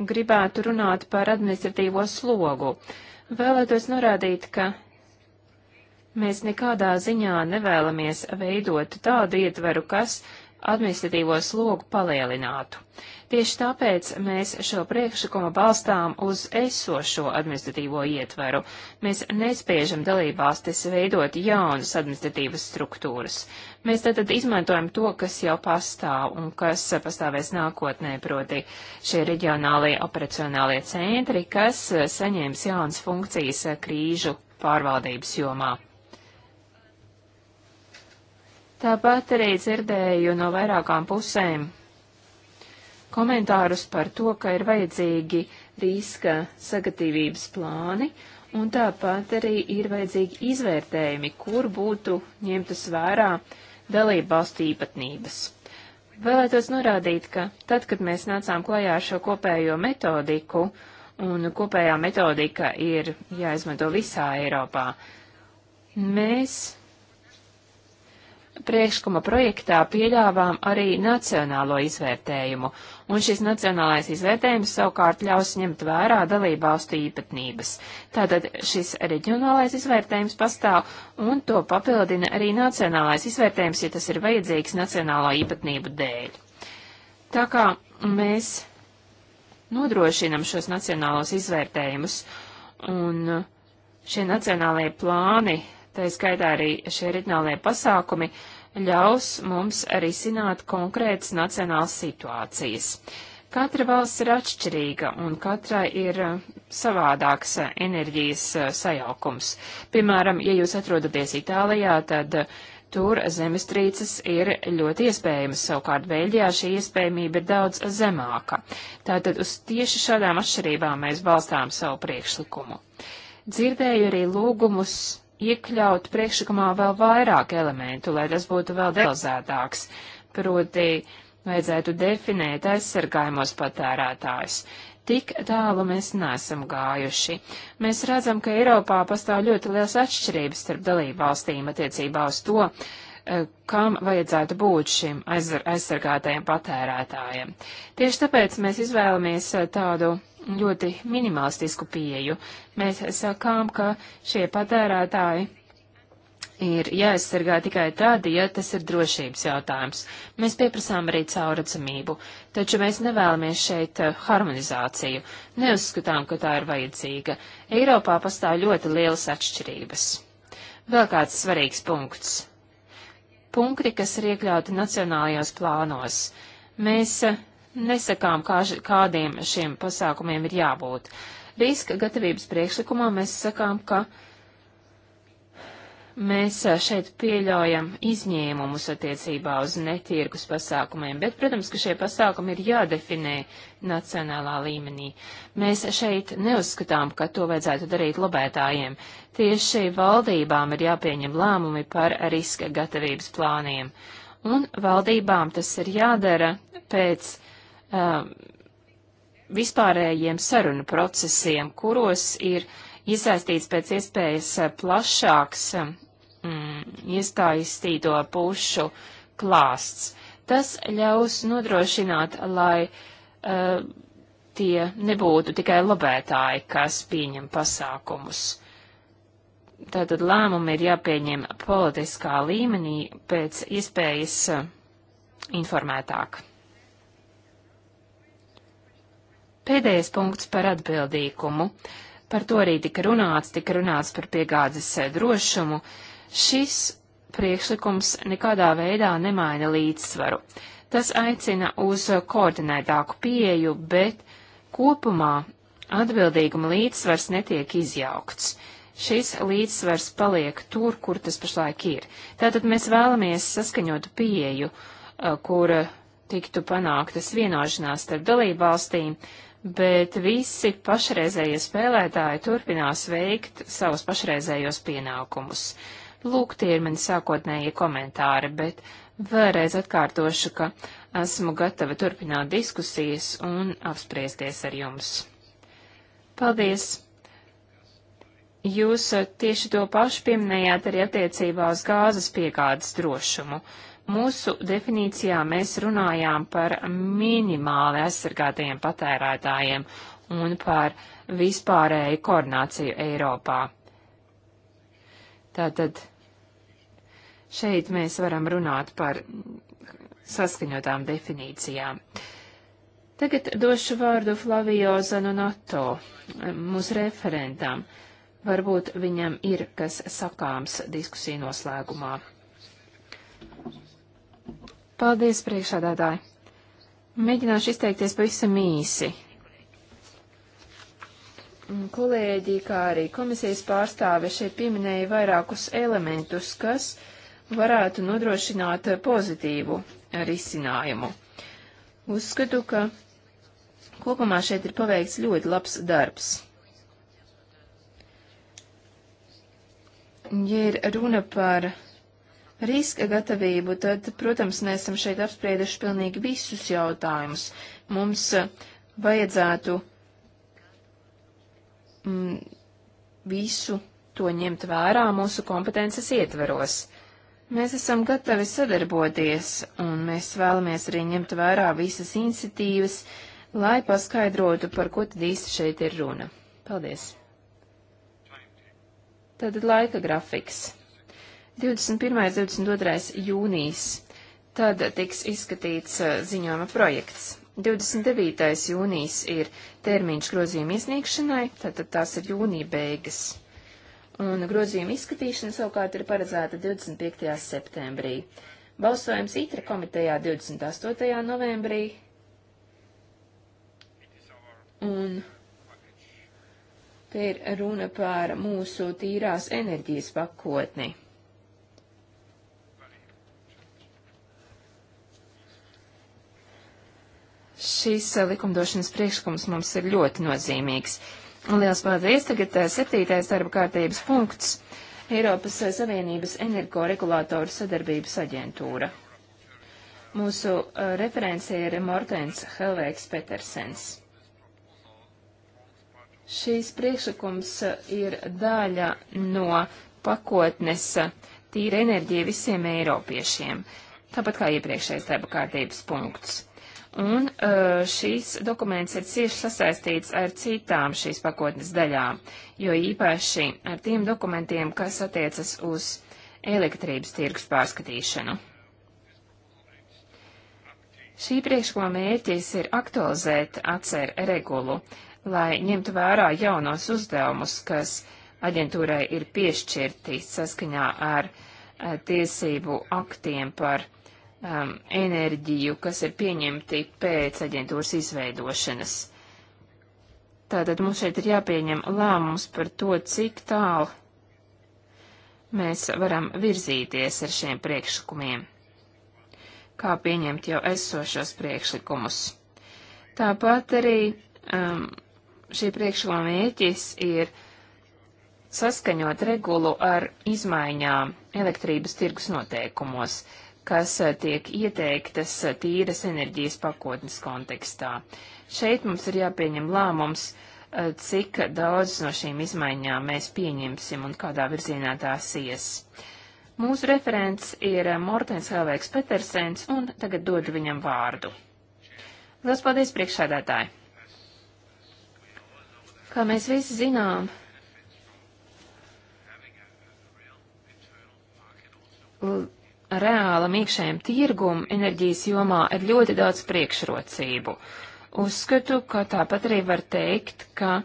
gribētu runāt par administratīvo slogu. Vēlētos norādīt, ka Mēs nekādā ziņā nevēlamies veidot tādu ietveru, kas administratīvo slogu palielinātu. Tieši tāpēc mēs šo priekšlikumu balstām uz esošo administratīvo ietveru. Mēs nespiežam dalībvalstis veidot jaunas administratīvas struktūras. Mēs tātad izmantojam to, kas jau pastāv un kas pastāvēs nākotnē, proti šie reģionālie operacionālie centri, kas saņēms jaunas funkcijas krīžu pārvaldības jomā. Tāpat arī dzirdēju no vairākām pusēm komentārus par to, ka ir vajadzīgi riska sagatavības plāni, un tāpat arī ir vajadzīgi izvērtējumi, kur būtu ņemtas vērā dalību valstu īpatnības. Vēlētos norādīt, ka tad, kad mēs nācām klajā ar šo kopējo metodiku, un kopējā metodika ir jāizmanto visā Eiropā, mēs priekšlikuma projektā pieļāvām arī nacionālo izvērtējumu, un šis nacionālais izvērtējums savukārt ļaus ņemt vērā dalībvalstu īpatnības. Tātad šis reģionālais izvērtējums pastāv, un to papildina arī nacionālais izvērtējums, ja tas ir vajadzīgs nacionālo īpatnību dēļ. Tā kā mēs nodrošinam šos nacionālos izvērtējumus, un šie nacionālajie plāni tā skaitā arī šie reģionālie pasākumi, ļaus mums risināt konkrētas nacionālas situācijas. Katra valsts ir atšķirīga un katrai ir eh, savādāks eh, enerģijas eh, sajaukums. Piemēram, ja jūs atrodaties Itālijā, tad tur zemestrīces ir ļoti iespējamas, savukārt Beļģijā šī iespējamība ir daudz zemāka. Tātad uz tieši šādām atšķirībām mēs balstām savu priekšlikumu. Dzirdēju arī lūgumus iekļaut priekšlikumā vēl vairāk elementu, lai tas būtu vēl detalizētāks. Proti, vajadzētu definēt aizsargājumos patērētājus. Tik tālu mēs neesam gājuši. Mēs redzam, ka Eiropā pastāv ļoti liels atšķirības starp dalību valstīm attiecībā uz to, eh, kam vajadzētu būt šim aizsargātajiem patērētājiem. Tieši tāpēc mēs izvēlamies eh, tādu ļoti minimalistisku pieju. Mēs sakām, ka šie patērētāji ir jāaizsargā tikai tādi, ja tas ir drošības jautājums. Mēs pieprasām arī caurredzamību, taču mēs nevēlamies šeit eh, harmonizāciju. Neuzskatām, ka tā ir vajadzīga. Eiropā pastāv ļoti lielas atšķirības. Vēl kāds svarīgs punkts. Punkti, kas ir iekļauti nacionālajos plānos. Mēs eh, nesakām, kā, kādiem šiem pasākumiem ir jābūt. Riska gatavības priekšlikumā mēs sakām, ka mēs šeit pieļaujam izņēmumus attiecībā uz netirgus pasākumiem, bet, protams, ka šie pasākumi ir jādefinē nacionālā līmenī. Mēs šeit neuzskatām, ka to vajadzētu darīt lobētājiem. Tieši valdībām ir jāpieņem lēmumi par riska gatavības plāniem un valdībām tas ir jādara pēc um, vispārējiem sarunu procesiem, kuros ir iesaistīts pēc iespējas uh, plašāks um, mm, iesaistīto pušu klāsts. Tas ļaus nodrošināt, lai uh, tie nebūtu tikai lobētāji, kas pieņem pasākumus. Tātad lēmumi ir jāpieņem politiskā līmenī pēc iespējas uh, informētāk. Pēdējais punkts par atbildīgumu. Par to arī tika runāts, tika runāts par piegādes eh, drošumu. Šis priekšlikums nekādā veidā nemaina līdzsvaru. Tas aicina uz koordinētāku pieeju, bet kopumā atbildīguma līdzsvars netiek izjaukts. Šis līdzsvars paliek tur, kur tas pašlaik ir. Tātad mēs vēlamies saskaņotu pieeju, eh, kur tiktu panāktas vienošanās starp dalībvalstīm, valstīm bet visi pašreizējie spēlētāji turpinās veikt savus pašreizējos pienākumus. Lūk, tie ir mani sākotnējie komentāri, bet vēlreiz atkārtošu, ka esmu gatava turpināt diskusijas un apspriesties ar jums. Paldies! Jūs tieši to pašu pieminējāt arī attiecībā uz gāzes piegādes drošumu. Mūsu definīcijā mēs runājām par minimāli aizsargātajiem patērētājiem un par vispārēju koordināciju Eiropā. Tātad šeit mēs varam runāt par saskaņotām definīcijām. Tagad došu vārdu Flavio Zanonato, mūsu referentam. Varbūt viņam ir kas sakāms diskusiju noslēgumā. Paldies, priekšādātāji. Mēģināšu izteikties pavisam īsi. Kolēģi, kā arī komisijas pārstāve šeit pieminēja vairākus elementus, kas varētu nodrošināt pozitīvu risinājumu. Uzskatu, ka kopumā šeit ir paveikts ļoti labs darbs. Ja ir runa par riska gatavību, tad, protams, mēs esam šeit apsprieduši pilnīgi visus jautājumus. Mums eh, vajadzētu mm, visu to ņemt vērā mūsu kompetences ietveros. Mēs esam gatavi sadarboties, un mēs vēlamies arī ņemt vērā visas iniciatīvas, lai paskaidrotu, par ko tad īsti šeit ir runa. Paldies! Tātad laika grafiks. 21. 22. jūnijas. Tad tiks izskatīts uh, ziņojuma projekts. 29. jūnijas ir termiņš grozījuma iesniegšanai, tātad tās ir jūnija beigas. Un grozījuma izskatīšana savukārt ir paredzēta 25. septembrī. Balsojums ITRA komitejā 28. novembrī. Un te ir runa par mūsu tīrās enerģijas pakotni. Šis eh, likumdošanas priekšlikums mums ir ļoti nozīmīgs. Un liels paldies! Tagad eh, septītais darba kārtības punkts - Eiropas eh, Savienības energoregulātoru sadarbības aģentūra. Mūsu uh, referents ir Mortens Helvēks Petersens. Šīs priekšlikums ir daļa no pakotnes tīra enerģija visiem eiropiešiem, tāpat kā iepriekšējais darba kārtības punkts. Un uh, eh, šīs dokuments ir cieši sasaistīts ar citām šīs pakotnes daļām, jo īpaši ar tiem dokumentiem, kas attiecas uz elektrības tirgus pārskatīšanu. Šī priekšlikuma mērķis ir aktualizēt atcer regulu, lai ņemtu vērā jaunos uzdevumus, kas aģentūrai ir piešķirti saskaņā ar uh, tiesību aktiem par uh, um, enerģiju, kas ir pieņemti pēc aģentūras izveidošanas. Tātad mums šeit ir jāpieņem lēmums par to, cik tālu mēs varam virzīties ar šiem priekšlikumiem, kā pieņemt jau esošos priekšlikumus. Tāpat arī um, šī priekšlikuma mērķis ir saskaņot regulu ar izmaiņām elektrības tirgus noteikumos. Uh, kas eh, tiek ieteiktas eh, tīras enerģijas pakotnes kontekstā. Šeit mums ir jāpieņem lēmums, eh, cik daudz no šīm izmaiņām mēs pieņemsim un kādā virzienā tās ies. Mūsu referents ir Mortens Helvēks Petersens, un tagad dodu viņam vārdu. Lielas paldies priekšādātāji! Kā mēs visi zinām, reālam iekšējiem tirgum enerģijas jomā ir ļoti daudz priekšrocību. Uzskatu, ka tāpat arī var teikt, ka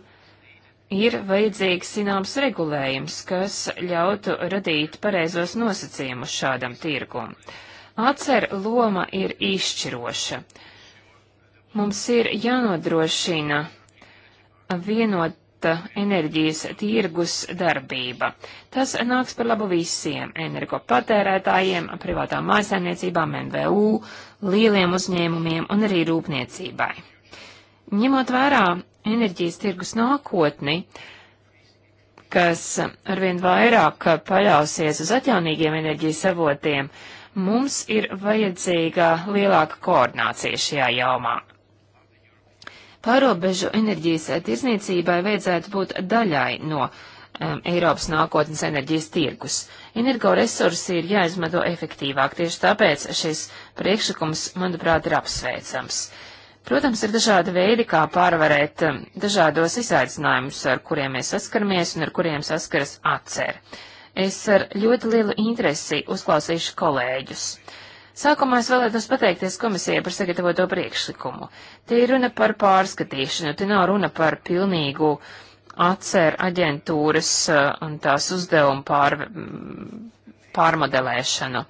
ir vajadzīgs zināms regulējums, kas ļautu radīt pareizos nosacījumus šādam tirgum. Atcer loma ir izšķiroša. Mums ir jānodrošina vienot enerģijas tirgus darbība. Tas nāks par labu visiem - energopatērētājiem, privātām mājasainiecībām, MVU, lieliem uzņēmumiem un arī rūpniecībai. Ņemot vērā enerģijas tirgus nākotni, kas arvien vairāk paļausies uz atjaunīgiem enerģijas avotiem, mums ir vajadzīga lielāka koordinācija šajā jomā. Pārobežu enerģijas tirzniecībai vajadzētu būt daļai no um, Eiropas nākotnes enerģijas tirgus. Energoresursi ir jāizmanto efektīvāk, tieši tāpēc šis priekšlikums, manuprāt, ir apsveicams. Protams, ir dažādi veidi, kā pārvarēt um, dažādos izaicinājumus, ar kuriem mēs saskaramies un ar kuriem saskaras atcer. Es ar ļoti lielu interesi uzklausīšu kolēģus. Sākumā es vēlētos pateikties komisijai par sagatavoto priekšlikumu. Te ir runa par pārskatīšanu, te nav runa par pilnīgu atcer aģentūras eh, un tās uzdevumu pār, mm, pārmodelēšanu.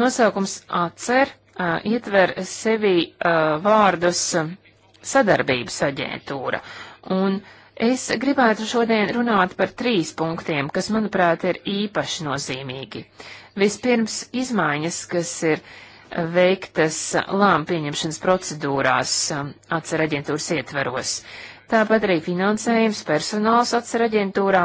Nosaukums atcer eh, ietver sevi eh, vārdus sadarbības aģentūra. Un es gribētu šodien runāt par trīs punktiem, kas, manuprāt, ir īpaši nozīmīgi. Vispirms izmaiņas, kas ir veiktas lēma pieņemšanas procedūrās um, atcer aģentūras ietveros. Tāpat arī finansējums, personāls atcer aģentūrā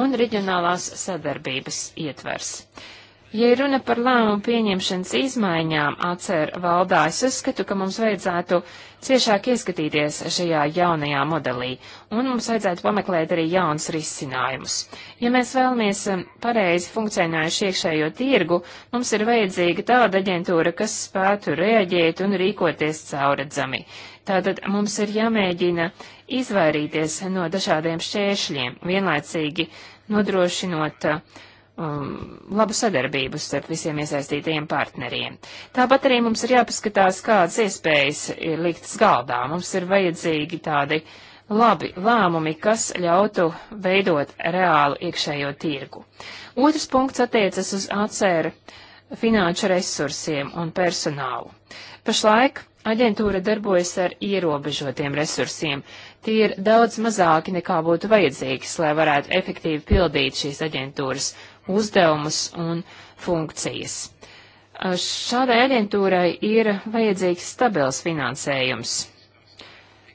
un reģionālās sadarbības ietvers. Uh, Ja runa par lēmumu pieņemšanas izmaiņām atcer valdā, es uzskatu, ka mums vajadzētu ciešāk ieskatīties šajā jaunajā modelī, un mums vajadzētu pameklēt arī jaunus risinājumus. Ja mēs vēlamies um, pareizi funkcionējuši iekšējo tirgu, mums ir vajadzīga tāda aģentūra, kas spētu reaģēt un rīkoties cauredzami. Tātad mums ir jāmēģina izvairīties no dažādiem šķēršļiem, vienlaicīgi nodrošinot uh, um, labu sadarbību starp visiem iesaistītajiem partneriem. Tāpat arī mums ir jāpaskatās, kādas iespējas ir liktas galdā. Mums ir vajadzīgi tādi labi lēmumi, kas ļautu veidot reālu iekšējo tirgu. Otrs punkts attiecas uz ACR finanšu resursiem un personālu. Pašlaik aģentūra darbojas ar ierobežotiem resursiem. Tie ir daudz mazāki nekā būtu vajadzīgs, lai varētu efektīvi pildīt šīs aģentūras uzdevumus un funkcijas. Šādai aģentūrai ir vajadzīgs stabils finansējums.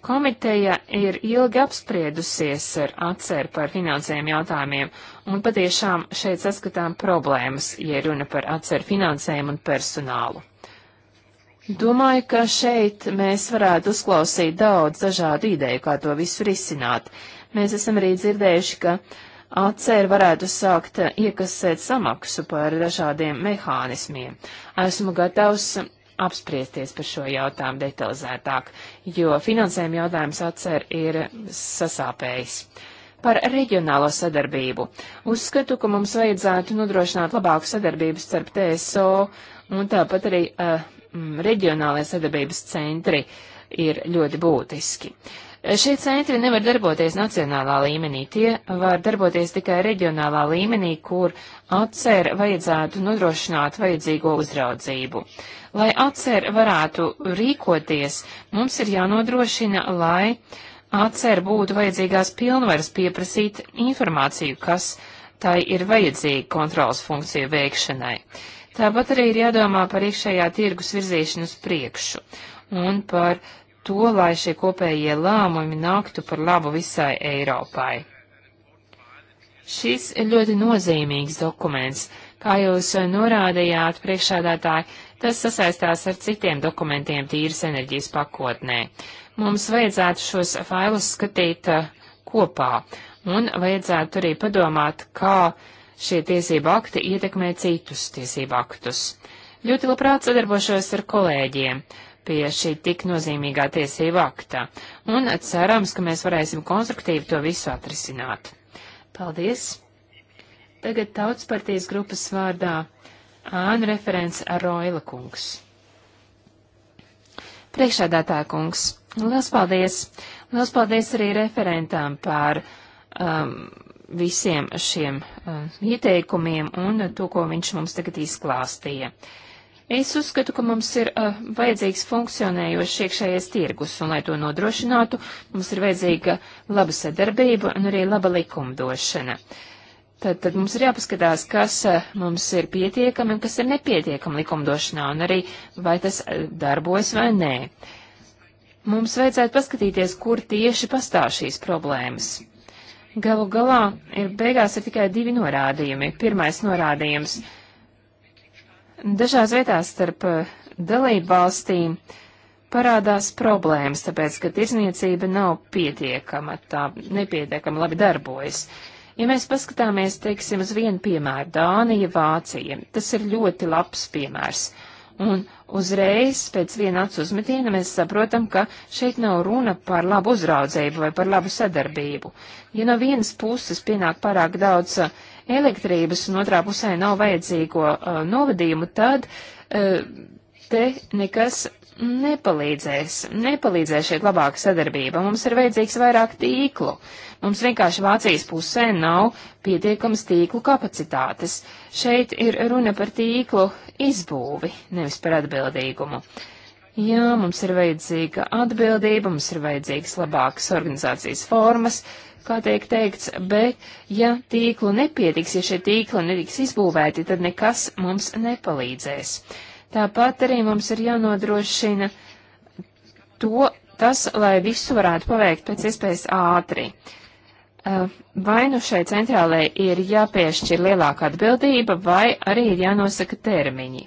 Komiteja ir ilgi apspriedusies ar atceru par finansējumu jautājumiem, un patiešām šeit saskatām problēmas, ja runa par atceru finansējumu un personālu. Domāju, ka šeit mēs varētu uzklausīt daudz dažādu ideju, kā to visu risināt. Mēs esam arī dzirdējuši, ka uh, ACER varētu sākt iekasēt samaksu par dažādiem mehānismiem. Esmu gatavs apspriesties par šo jautājumu detalizētāk, jo finansējuma jautājums ACER ir sasāpējis par reģionālo sadarbību. Uzskatu, ka mums vajadzētu nodrošināt labāku sadarbību starp TSO un tāpat arī uh, reģionālajie sadarbības centri ir ļoti būtiski. Šie centri nevar darboties nacionālā līmenī, tie var darboties tikai reģionālā līmenī, kur atcer vajadzētu nodrošināt vajadzīgo uzraudzību. Lai atcer varētu rīkoties, mums ir jānodrošina, lai atcer būtu vajadzīgās pilnvaras pieprasīt informāciju, kas tai ir vajadzīga kontrolas funkciju veikšanai. Tāpat arī ir jādomā par iekšējā tirgus virzīšanu uz priekšu un par to, lai šie kopējie lēmumi nāktu par labu visai Eiropai. Šis ir ļoti nozīmīgs dokuments. Kā jūs norādījāt, priekšādātāji, tas sasaistās ar citiem dokumentiem tīras enerģijas pakotnē. Mums vajadzētu šos failus skatīt eh, kopā un vajadzētu arī padomāt, kā šie tiesību akti ietekmē citus tiesību aktus. Ļoti labprāt sadarbošos ar kolēģiem. Uh, pie šī tik nozīmīgā tiesība aktā, un cerams, ka mēs varēsim konstruktīvi to visu atrisināt. Paldies! Tagad tautspartijas grupas vārdā ānu referents Roila kungs. Priekšādātāja kungs, liels paldies! Liels paldies arī referentām par um, visiem šiem um, ieteikumiem un to, ko viņš mums tagad izklāstīja. Uh, Es uzskatu, ka mums ir uh, vajadzīgs funkcionējošs iekšējais tirgus, un lai to nodrošinātu, mums ir vajadzīga laba sadarbība un arī laba likumdošana. Tad, tad mums ir jāpaskatās, kas uh, mums ir pietiekami un kas ir nepietiekami likumdošanā, un arī vai tas eh, darbojas vai nē. Mums vajadzētu paskatīties, kur tieši pastāv šīs problēmas. Galu galā ir beigās ir tikai divi norādījumi. Pirmais norādījums Dažās vietās starp eh, dalību valstīm parādās problēmas, tāpēc, ka tirzniecība nav pietiekama, tā nepietiekama labi darbojas. Ja mēs paskatāmies, teiksim, uz vienu piemēru, Dānija, Vācija, tas ir ļoti labs piemērs. Un uzreiz pēc viena acu uzmetiena mēs saprotam, ka šeit nav runa par labu uzraudzību vai par labu sadarbību. Ja no vienas puses pienāk pārāk daudz eh, elektrības un otrā pusē nav vajadzīgo uh, novadījumu, tad uh, te nekas nepalīdzēs. Nepalīdzēs šeit labāka sadarbība. Mums ir vajadzīgs vairāk tīklu. Mums vienkārši Vācijas pusē nav pietiekams tīklu kapacitātes. Šeit ir runa par tīklu izbūvi, nevis par atbildīgumu. Jā, mums ir vajadzīga atbildība, mums ir vajadzīgas labākas organizācijas formas, uh, kā tiek teikts, bet ja tīklu nepietiks, ja šie tīkli netiks izbūvēti, tad nekas mums nepalīdzēs. Tāpat arī mums ir jānodrošina to, tas, lai visu varētu paveikt pēc iespējas ātri. Eh, vai nu šai centrālai ir jāpiešķir lielāka atbildība, vai arī ir jānosaka termiņi.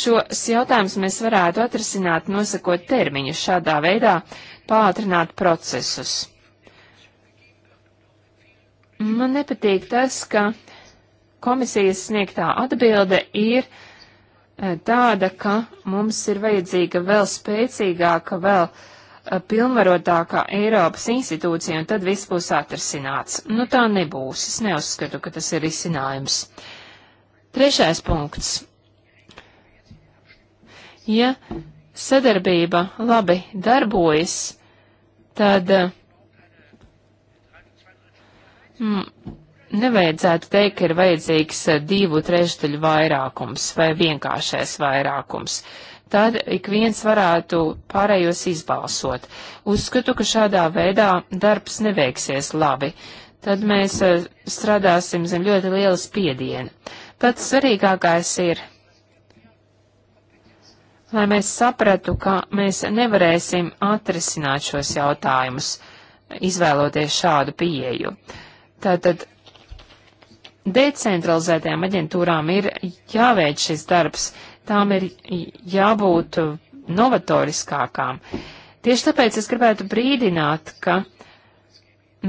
Šos jautājumus mēs varētu atrisināt nosakot termiņu šādā veidā, pātrināt procesus. Man nepatīk tas, ka komisijas sniegtā atbilde ir e, tāda, ka mums ir vajadzīga vēl spēcīgāka, vēl e, pilnvarotākā Eiropas institūcija, un tad viss būs atrasināts. Nu tā nebūs. Es neuzskatu, ka tas ir risinājums. Trešais punkts. Ja sadarbība labi darbojas, tad uh, Mm. Nevajadzētu teikt, ka ir vajadzīgs eh, divu trešdaļu vairākums vai vienkāršais vairākums. Tad ik viens varētu pārējos izbalsot. Uzskatu, ka šādā veidā darbs neveiksies labi. Tad mēs eh, strādāsim zem ļoti liela spiediena. Pats svarīgākais ir, lai mēs sapratu, ka mēs nevarēsim atrisināt šos jautājumus, izvēloties šādu pieeju. Uh, Tātad decentralizētajām aģentūrām ir jāveic šis darbs, tām ir jābūt novatoriskākām. Tieši tāpēc es gribētu brīdināt, ka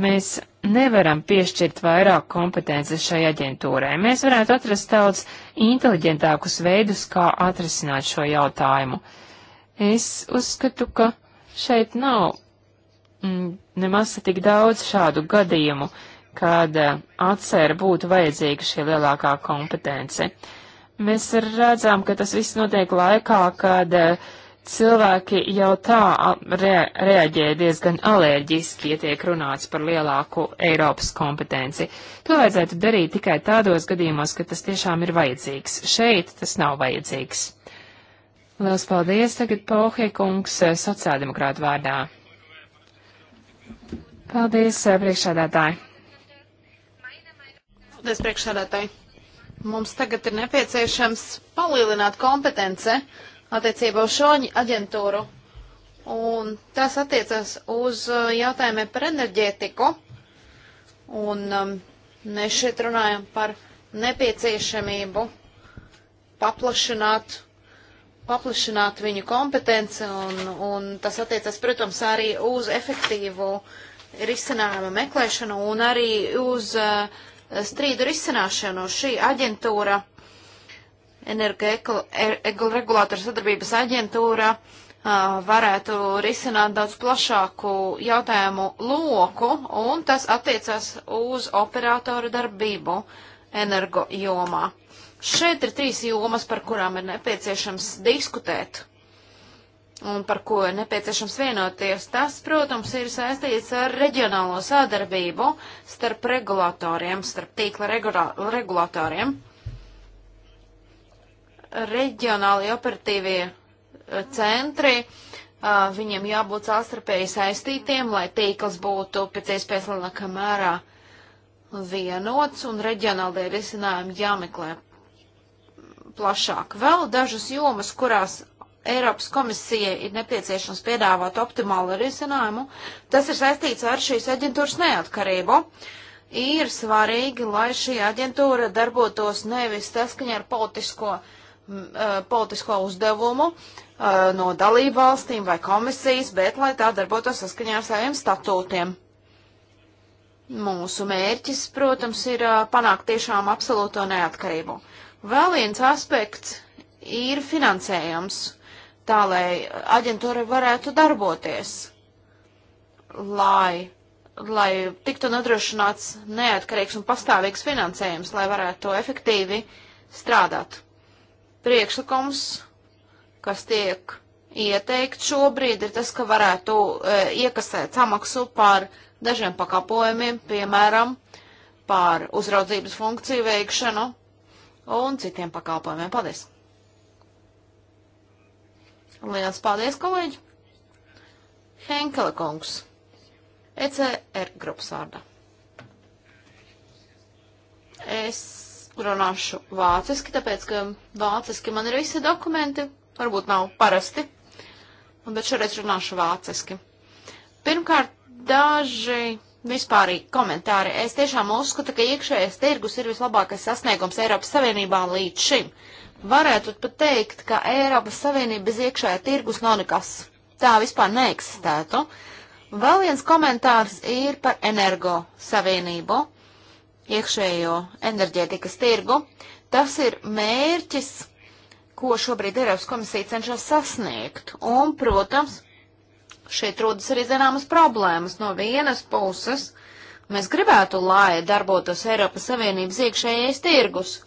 mēs nevaram piešķirt vairāk kompetences šai aģentūrai. Mēs varētu atrast daudz inteliģentākus veidus, kā atrisināt šo jautājumu. Es uzskatu, ka šeit nav mm, nemaz tik daudz šādu gadījumu. Uh, kad eh, atcer būtu vajadzīga šī lielākā kompetence. Mēs redzam, ka tas viss notiek laikā, kad eh, cilvēki jau tā rea reaģē diezgan alērģiski, ja tiek runāts par lielāku Eiropas kompetenci. To vajadzētu darīt tikai tādos gadījumos, ka tas tiešām ir vajadzīgs. Šeit tas nav vajadzīgs. Lielas paldies tagad Pauhie kungs eh, sociāldemokrātu vārdā. Paldies, priekšādātāji. Paldies, priekšsādātāji. Mums tagad ir nepieciešams palielināt kompetence attiecībā uz šo aģentūru. Un tas attiecas uz uh, jautājumiem par enerģētiku. Un um, mēs šeit runājam par nepieciešamību paplašināt, paplašināt viņu kompetenci, un, un tas attiecas, protams, arī uz efektīvu risinājumu meklēšanu un arī uz uh, strīdu risināšanu. Šī aģentūra, energoregulātora er, sadarbības aģentūra, varētu risināt daudz plašāku jautājumu loku, un tas attiecas uz operātoru darbību energo jomā. Šeit ir trīs jomas, par kurām ir nepieciešams diskutēt un par ko ir nepieciešams vienoties, tas, protams, ir saistīts ar reģionālo sadarbību starp regulatoriem, starp tīkla regulā, regulatoriem. Reģionāli operatīvie eh, centri, eh, viņiem jābūt sastarpēji saistītiem, lai tīkls būtu pēc iespējas lielākā mērā vienots un reģionālie risinājumi jāmeklē plašāk. Vēl dažas jomas, kurās Eiropas komisijai ir nepieciešams piedāvāt optimālu risinājumu, tas ir saistīts ar šīs aģentūras neatkarību. Ir svarīgi, lai šī aģentūra darbotos nevis saskaņā ar politisko, uh, politisko uzdevumu uh, no dalību valstīm vai komisijas, bet lai tā darbotos saskaņā ar saviem statūtiem. Mūsu mērķis, protams, ir uh, panākt tiešām absolūto neatkarību. Vēl viens aspekts ir finansējums, tā lai aģentūra varētu darboties, lai, lai tiktu nodrošināts neatkarīgs un pastāvīgs finansējums, lai varētu to efektīvi strādāt. Priekšlikums, kas tiek ieteikt šobrīd, ir tas, ka varētu e, iekasēt samaksu par dažiem pakalpojumiem, piemēram, par uzraudzības funkciju veikšanu un citiem pakalpojumiem. Paldies! Liels paldies, kolēģi! Henkele kungs, ECR grupas vārdā. Es runāšu vāciski, tāpēc, ka vāciski man ir visi dokumenti, varbūt nav parasti, bet šoreiz runāšu vāciski. Pirmkārt, daži vispārīgi komentāri. Es tiešām uzskatu, ka iekšējais tirgus ir vislabākais sasniegums Eiropas Savienībā līdz šim. Varētu pat teikt, ka Eiropas Savienība bez iekšējā tirgus nav nekas. Tā vispār neeksistētu. Vēl viens komentārs ir par energo savienību, iekšējo enerģētikas tirgu. Tas ir mērķis, ko šobrīd Eiropas komisija cenšas sasniegt. Un, protams, šeit rodas arī zināmas problēmas. No vienas puses, mēs gribētu, lai darbotos Eiropas Savienības iekšējais tirgus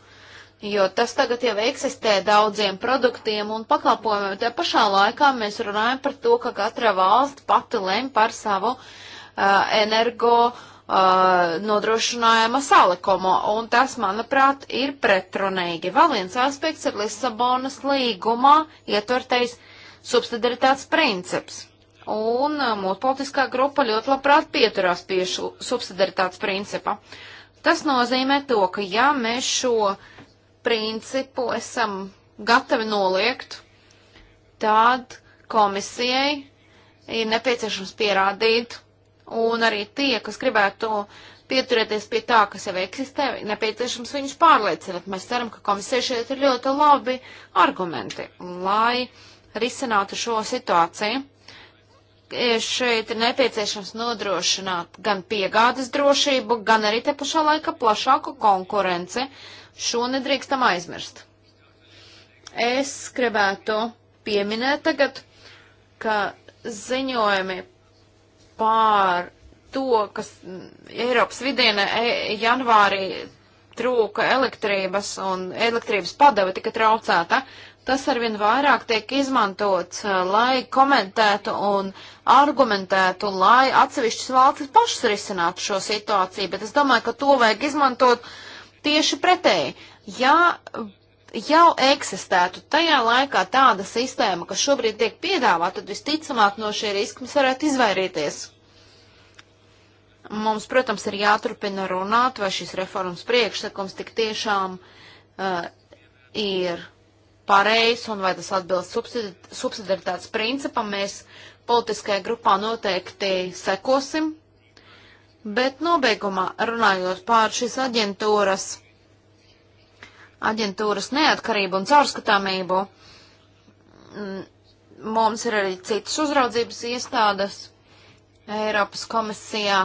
jo tas tagad jau eksistē daudziem produktiem un pakalpojumiem. Tajā pašā laikā mēs runājam par to, ka katra valsts pati lem par savu uh, energo uh, nodrošinājuma salikumu, un tas, manuprāt, ir pretrunīgi. Vēl viens aspekts ir Lisabonas līgumā ietvertais subsidaritātes princips. Un uh, mūsu politiskā grupa ļoti labprāt pieturās pie šo subsidaritātes principa. Tas nozīmē to, ka ja mēs šo uh, principu esam gatavi noliegt, tad komisijai ir nepieciešams pierādīt, un arī tie, kas gribētu pieturēties pie tā, kas jau eksistē, nepieciešams viņus pārliecināt. Mēs ceram, ka komisija šeit ir ļoti labi argumenti, lai risinātu šo situāciju. E, šeit ir nepieciešams nodrošināt gan piegādes drošību, gan arī te pašā laikā plašāku konkurenci. Uh, Šo nedrīkstam aizmirst. Es gribētu pieminēt tagad, ka ziņojumi pār to, kas Eiropas vidienē e, janvārī trūka elektrības un elektrības padeva tika traucēta, tas arvien vairāk tiek izmantots, e, lai komentētu un argumentētu, lai atsevišķas valstis pašas risinātu šo situāciju, bet es domāju, ka to vajag izmantot uh, Tieši pretēji, ja jau eksistētu tajā laikā tāda sistēma, kas šobrīd tiek piedāvāta, tad visticamāk no šie riski mēs varētu izvairīties. Mums, protams, ir jāturpina runāt, vai šis reformas priekšsakums tik tiešām uh, ir pareizs un vai tas atbilst subsidi subsidiaritātes principam. Mēs politiskajā grupā noteikti sekosim Bet nobeigumā runājot pār šīs aģentūras, aģentūras neatkarību un caurskatāmību, mm, mums ir arī citas uzraudzības iestādes Eiropas komisijā,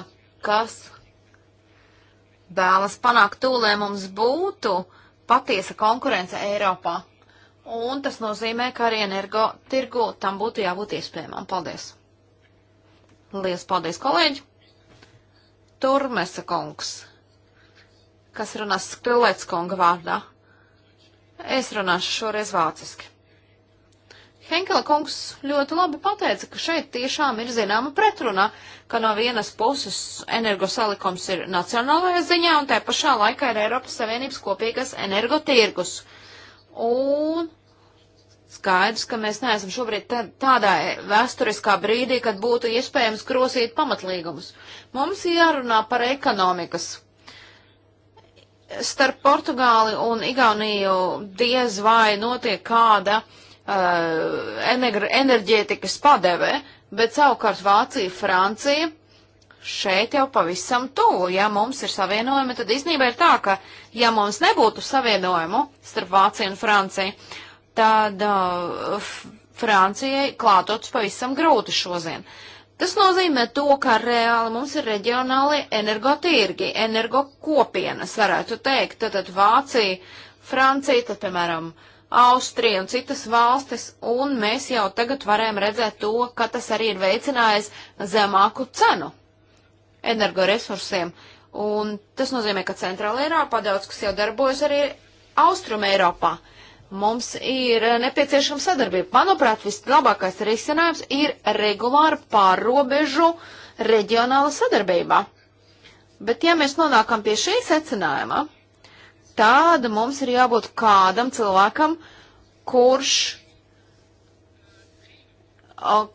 kas vēlas panākt to, lai mums būtu patiesa konkurence Eiropā. Un tas nozīmē, ka arī energo tirgu tam būtu jābūt iespējamam. Paldies! Lielas paldies, kolēģi! Turmesa kungs, kas runās Skrilēts kunga vārdā. Es runāšu šoreiz vāciski. Henkela kungs ļoti labi pateica, ka šeit tiešām ir zināma pretruna, ka no vienas puses energosalikums ir nacionālajā ziņā un tā pašā laikā ir Eiropas Savienības kopīgas energotirgus. Un Skaidrs, ka mēs neesam šobrīd tādā vēsturiskā brīdī, kad būtu iespējams grosīt pamatlīgumus. Mums jārunā par ekonomikas. Starp Portugāli un Igauniju diez vai notiek kāda uh, enerģētikas padeve, bet savukārt Vācija, Francija šeit jau pavisam tuvu. Ja mums ir savienojumi, tad īstenībā ir tā, ka ja mums nebūtu savienojumu starp Vāciju un Franciju, tad uh, Francijai klātots pavisam grūti šodien. Tas nozīmē to, ka reāli mums ir reģionāli energotīrgi, energo kopienas, varētu teikt. Tad Vācija, Francija, tad, piemēram, Austrija un citas valstis, un mēs jau tagad varējām redzēt to, ka tas arī ir veicinājis zemāku cenu energoresursiem. Un tas nozīmē, ka Centrāla Eiropā daudz kas jau darbojas arī Austrum Eiropā. Uh, Mums ir eh, nepieciešama sadarbība. Manuprāt, vislabākais risinājums ir regulāra pārrobežu reģionāla sadarbība. Bet ja mēs nonākam pie šī secinājuma, tad mums ir jābūt kādam cilvēkam, kurš,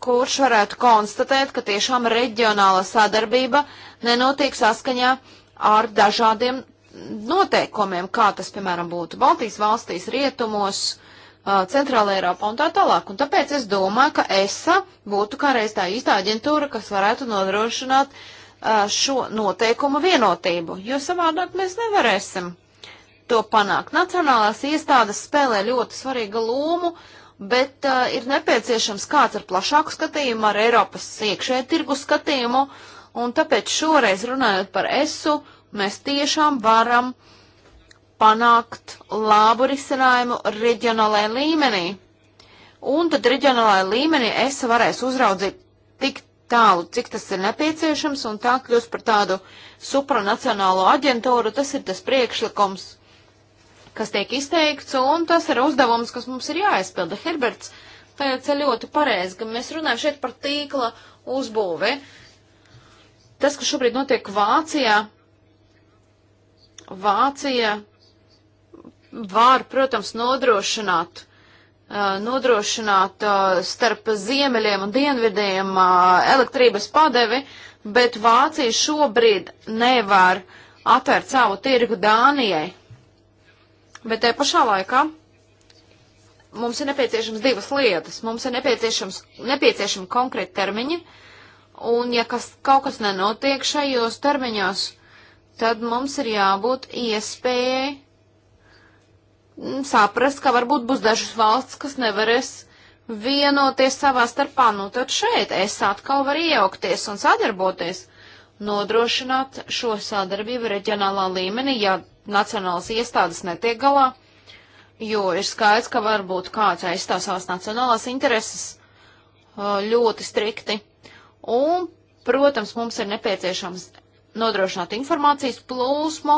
kurš varētu konstatēt, ka tiešām reģionāla sadarbība nenotiek saskaņā ar dažādiem noteikumiem, kā tas, piemēram, būtu Baltijas valstīs, rietumos, Centrāla Eiropā un tā tālāk. Un tāpēc es domāju, ka ESA būtu kā reiz tā īstā aģentūra, kas varētu nodrošināt šo noteikumu vienotību, jo savādāk mēs nevarēsim to panākt. Nacionālās iestādes spēlē ļoti svarīgu lomu, bet uh, ir nepieciešams kāds ar plašāku skatījumu, ar Eiropas iekšē tirgu skatījumu, un tāpēc šoreiz runājot par ESU, mēs tiešām varam panākt labu risinājumu reģionālajā līmenī. Un tad reģionālajā līmenī es varēšu uzraudzīt tik tālu, cik tas ir nepieciešams, un tā kļūst par tādu supranacionālo aģentūru. Tas ir tas priekšlikums, kas tiek izteikts, un tas ir uzdevums, kas mums ir jāaizpilda. Herberts teica ļoti pareizi, ka mēs runājam šeit par tīkla uzbūvi. Tas, kas šobrīd notiek Vācijā, Vācija var, protams, nodrošināt, nodrošināt starp ziemeļiem un dienvidiem elektrības padevi, bet Vācija šobrīd nevar atvērt savu tirgu Dānijai. Bet te pašā laikā mums ir nepieciešams divas lietas. Mums ir nepieciešams, nepieciešami konkrēti termiņi, un ja kas, kaut kas nenotiek šajos termiņos, uh, tad mums ir jābūt iespējai mm, saprast, ka varbūt būs dažas valsts, kas nevarēs vienoties savā starpā. Nu, tad šeit es atkal varu iejaukties un sadarboties, nodrošināt šo sadarbību reģionālā līmenī, ja nacionālas iestādes netiek galā, jo ir skaidrs, ka varbūt kāds aizstāv savas nacionālās intereses uh, ļoti strikti. Un, protams, mums ir nepieciešams nodrošināt informācijas plūsmu,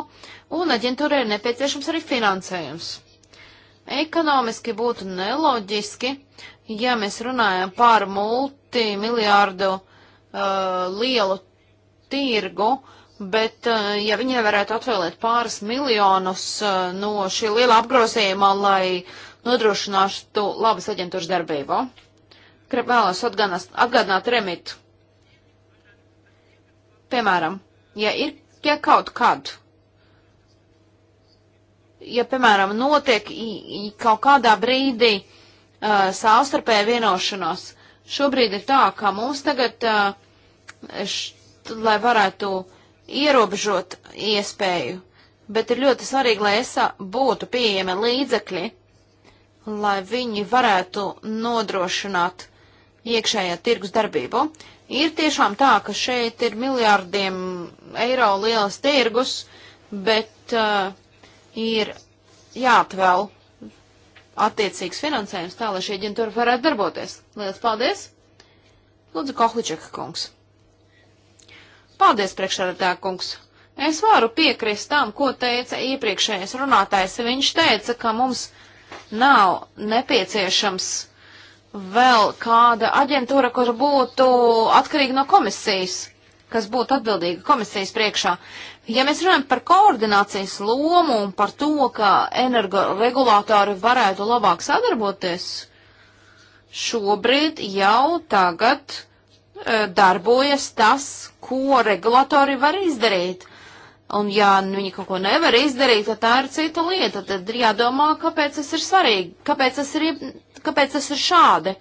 un aģentūrai ir nepieciešams arī finansējums. Ekonomiski būtu neloģiski, ja mēs runājam par multimiljārdu uh, lielu tirgu, bet uh, ja viņi varētu atvēlēt pāris miljonus uh, no šī liela apgrozījuma, lai nodrošinātu labas aģentūras darbību. Vēlos atgādināt remitu. Piemēram, Ja ir, ja kaut kad, ja, piemēram, notiek kaut kādā brīdī uh, savstarpēja vienošanos, šobrīd ir tā, ka mums tagad, uh, št, lai varētu ierobežot iespēju, bet ir ļoti svarīgi, lai ESA uh, būtu pieejami līdzekļi, lai viņi varētu nodrošināt iekšējā tirgus darbību. Ir tiešām tā, ka šeit ir miljārdiem eiro liels tirgus, bet uh, ir jāatvēl attiecīgs finansējums tā, lai šī aģentūra varētu darboties. Lielas paldies! Lūdzu, Kohličeka kungs. Paldies, priekšsēdētā kungs. Es varu piekrist tam, ko teica iepriekšējais runātājs. Viņš teica, ka mums nav nepieciešams vēl kāda aģentūra, kur būtu atkarīga no komisijas, kas būtu atbildīga komisijas priekšā. Ja mēs runājam par koordinācijas lomu un par to, ka energoregulātori varētu labāk sadarboties, šobrīd jau tagad e, darbojas tas, ko regulatori var izdarīt. Un ja nu, viņi kaut ko nevar izdarīt, tad tā ir cita lieta. Tad ir jādomā, kāpēc tas ir svarīgi, kāpēc tas ir, kāpēc tas ir šādi.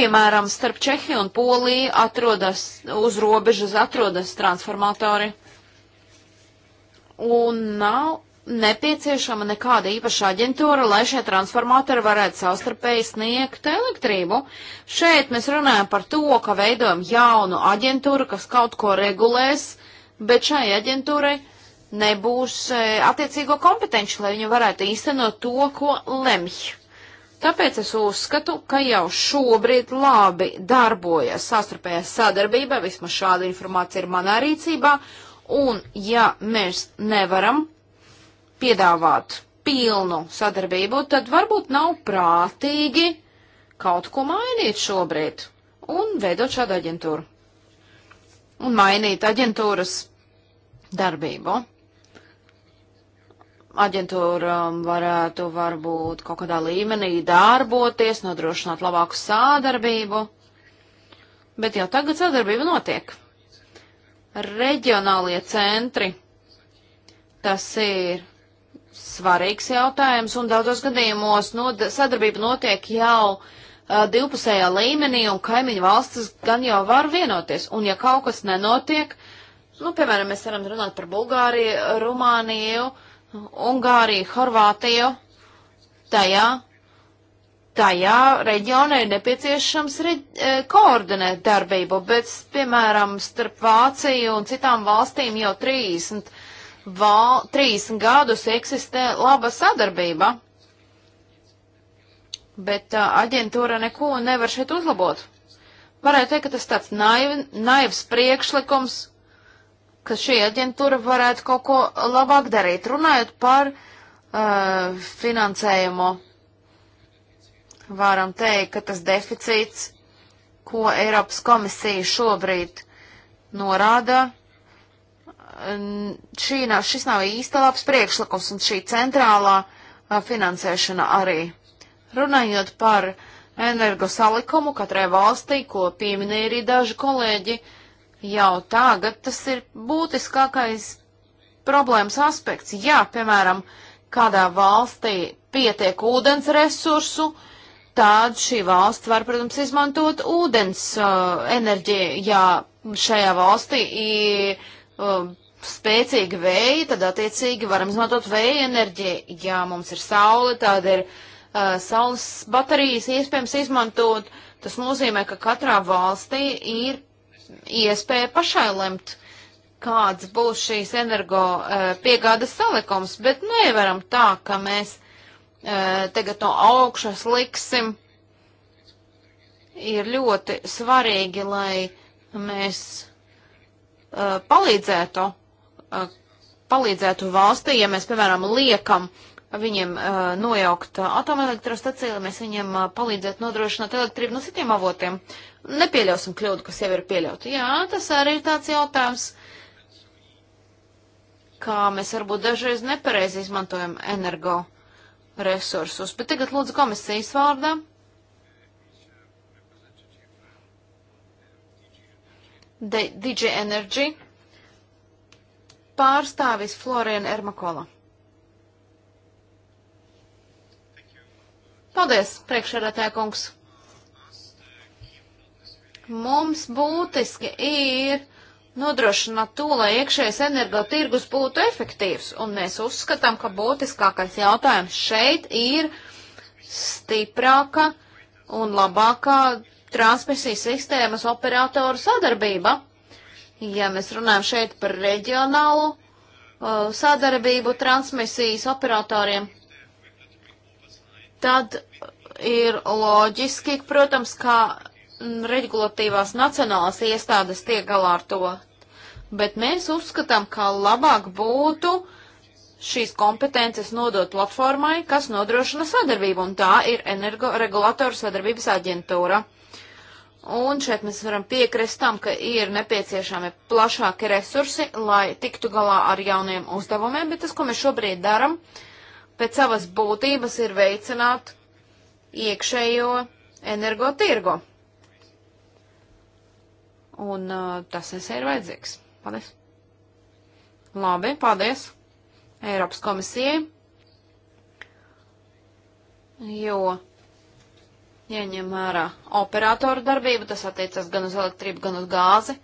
Piemēram, starp Čehiju un Poliju atrodas uz robežas atrodas transformatori. Un nav nepieciešama nekāda īpaša aģentūra, lai šie transformatori varētu savstarpēji sniegt elektrību. Šeit mēs runājam par to, ka veidojam jaunu aģentūru, kas kaut ko regulēs, uh, bet šai aģentūrai nebūs e, attiecīgo kompetenci, lai viņa varētu īstenot to, ko lemj. Tāpēc es uzskatu, ka jau šobrīd labi darbojas sastarpējā sadarbība, vismaz šāda informācija ir manā rīcībā, un ja mēs nevaram piedāvāt pilnu sadarbību, tad varbūt nav prātīgi kaut ko mainīt šobrīd un veidot šādu aģentūru un mainīt aģentūras darbību. Aģentūra varētu varbūt kaut kādā līmenī darboties, nodrošināt labāku sādarbību, bet jau tagad sadarbība notiek. Reģionālie centri, tas ir svarīgs jautājums, un daudzos gadījumos no, sadarbība notiek jau uh, Uh, divpusējā līmenī, un kaimiņu valstis gan jau var vienoties. Un ja kaut kas nenotiek, nu, piemēram, mēs varam runāt par Bulgāriju, Rumāniju, Ungāriju, Horvātiju, tajā, tajā reģionā ir nepieciešams re, e, koordinēt darbību, bet, piemēram, starp Vāciju un citām valstīm jau 30, val, 30 gadus eksistē laba sadarbība bet uh, aģentūra neko nevar šeit uzlabot. Varētu teikt, ka tas tāds naiv, naivs priekšlikums, ka šī aģentūra varētu kaut ko labāk darīt, runājot par uh, finansējumu. Varam teikt, ka tas deficīts, ko Eiropas komisija šobrīd norāda, šī nav, šis nav īsta labs priekšlikums un šī centrālā uh, finansēšana arī. Runājot par energosalikumu katrai valstī, ko pieminēja arī daži kolēģi, jau tagad tas ir būtiskākais problēmas aspekts. Jā, piemēram, kādā valstī pietiek ūdens resursu, tad šī valsts var, protams, izmantot ūdens uh, enerģiju. Ja šajā valstī ir uh, spēcīgi vēji, tad attiecīgi varam izmantot vēja enerģiju. Ja mums ir saule, tad ir uh, uh, saules baterijas iespējams izmantot. Tas nozīmē, ka katrā valstī ir iespēja pašai lemt, kāds būs šīs energo uh, piegādes salikums, bet nevaram tā, ka mēs uh, tagad no augšas liksim. Ir ļoti svarīgi, lai mēs uh, palīdzētu uh, palīdzētu valstī, ja mēs, piemēram, liekam viņiem uh, nojaukt atomelektrostaciju, lai mēs viņiem uh, palīdzētu nodrošināt elektrību no citiem avotiem. Nepieļausim kļūdu, kas jau ir pieļauta. Jā, tas arī ir tāds jautājums, kā mēs varbūt dažreiz nepareizi izmantojam energo resursus. Bet tagad lūdzu komisijas vārdā. De DJ Energy pārstāvis Florian Ermakola. Paldies, priekšsēdētāja kungs. Mums būtiski ir nodrošināt to, lai iekšējais energotirgus būtu efektīvs, un mēs uzskatām, ka būtiskākais jautājums šeit ir stiprāka un labākā transmisijas sistēmas operatoru sadarbība. Ja mēs runājam šeit par reģionālu uh, sadarbību transmisijas operatoriem, tad ir loģiski, protams, kā regulatīvās nacionālās iestādes tiek galā ar to. Bet mēs uzskatām, ka labāk būtu šīs kompetences nodot platformai, kas nodrošina sadarbību, un tā ir energoregulatoru sadarbības aģentūra. Un šeit mēs varam piekrist tam, ka ir nepieciešami plašāki resursi, lai tiktu galā ar jauniem uzdevumiem, bet tas, ko mēs šobrīd darām, ir pēc savas būtības ir veicināt iekšējo energotirgu. Un uh, tas nesē ir vajadzīgs. Paldies. Labi, paldies Eiropas komisijai, jo ieņem ja vērā operātoru darbību, tas attiecas gan uz elektrību, gan uz gāzi,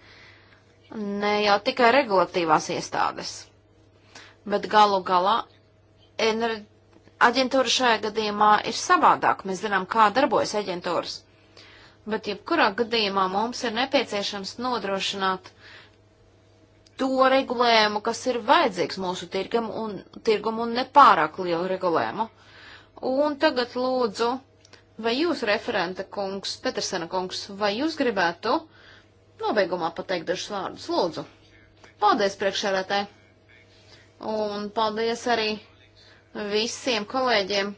ne jau tikai regulatīvās iestādes. Bet galu galā enerģija aģentūra šajā gadījumā ir savādāk. Mēs zinām, kā darbojas aģentūras. Bet jebkurā gadījumā mums ir nepieciešams nodrošināt to regulējumu, kas ir vajadzīgs mūsu tirgam un, tirgum un nepārāk lielu regulējumu. Un tagad lūdzu, vai jūs, referenta kungs, Petersena kungs, vai jūs gribētu nobeigumā pateikt dažus vārdus? Lūdzu. Paldies priekšsēdētāji. Un paldies arī visiem kolēģiem,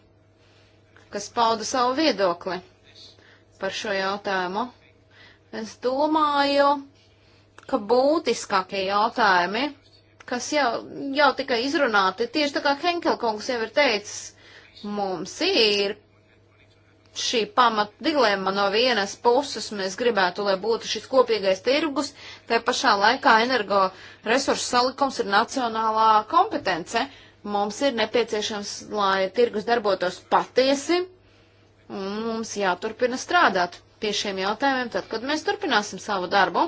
kas pauda savu viedokli par šo jautājumu. Es domāju, ka būtiskākie jautājumi, kas jau, jau tikai izrunāti, tieši tā kā Henkelkungs jau ir teicis, mums ir šī pamat dilemma no vienas puses mēs gribētu, lai būtu šis kopīgais tirgus, te pašā laikā energo resursu salikums ir nacionālā kompetence. Uh, Mums ir nepieciešams, lai tirgus darbotos patiesi, un mums jāturpina strādāt pie šiem jautājumiem, tad, kad mēs turpināsim savu darbu.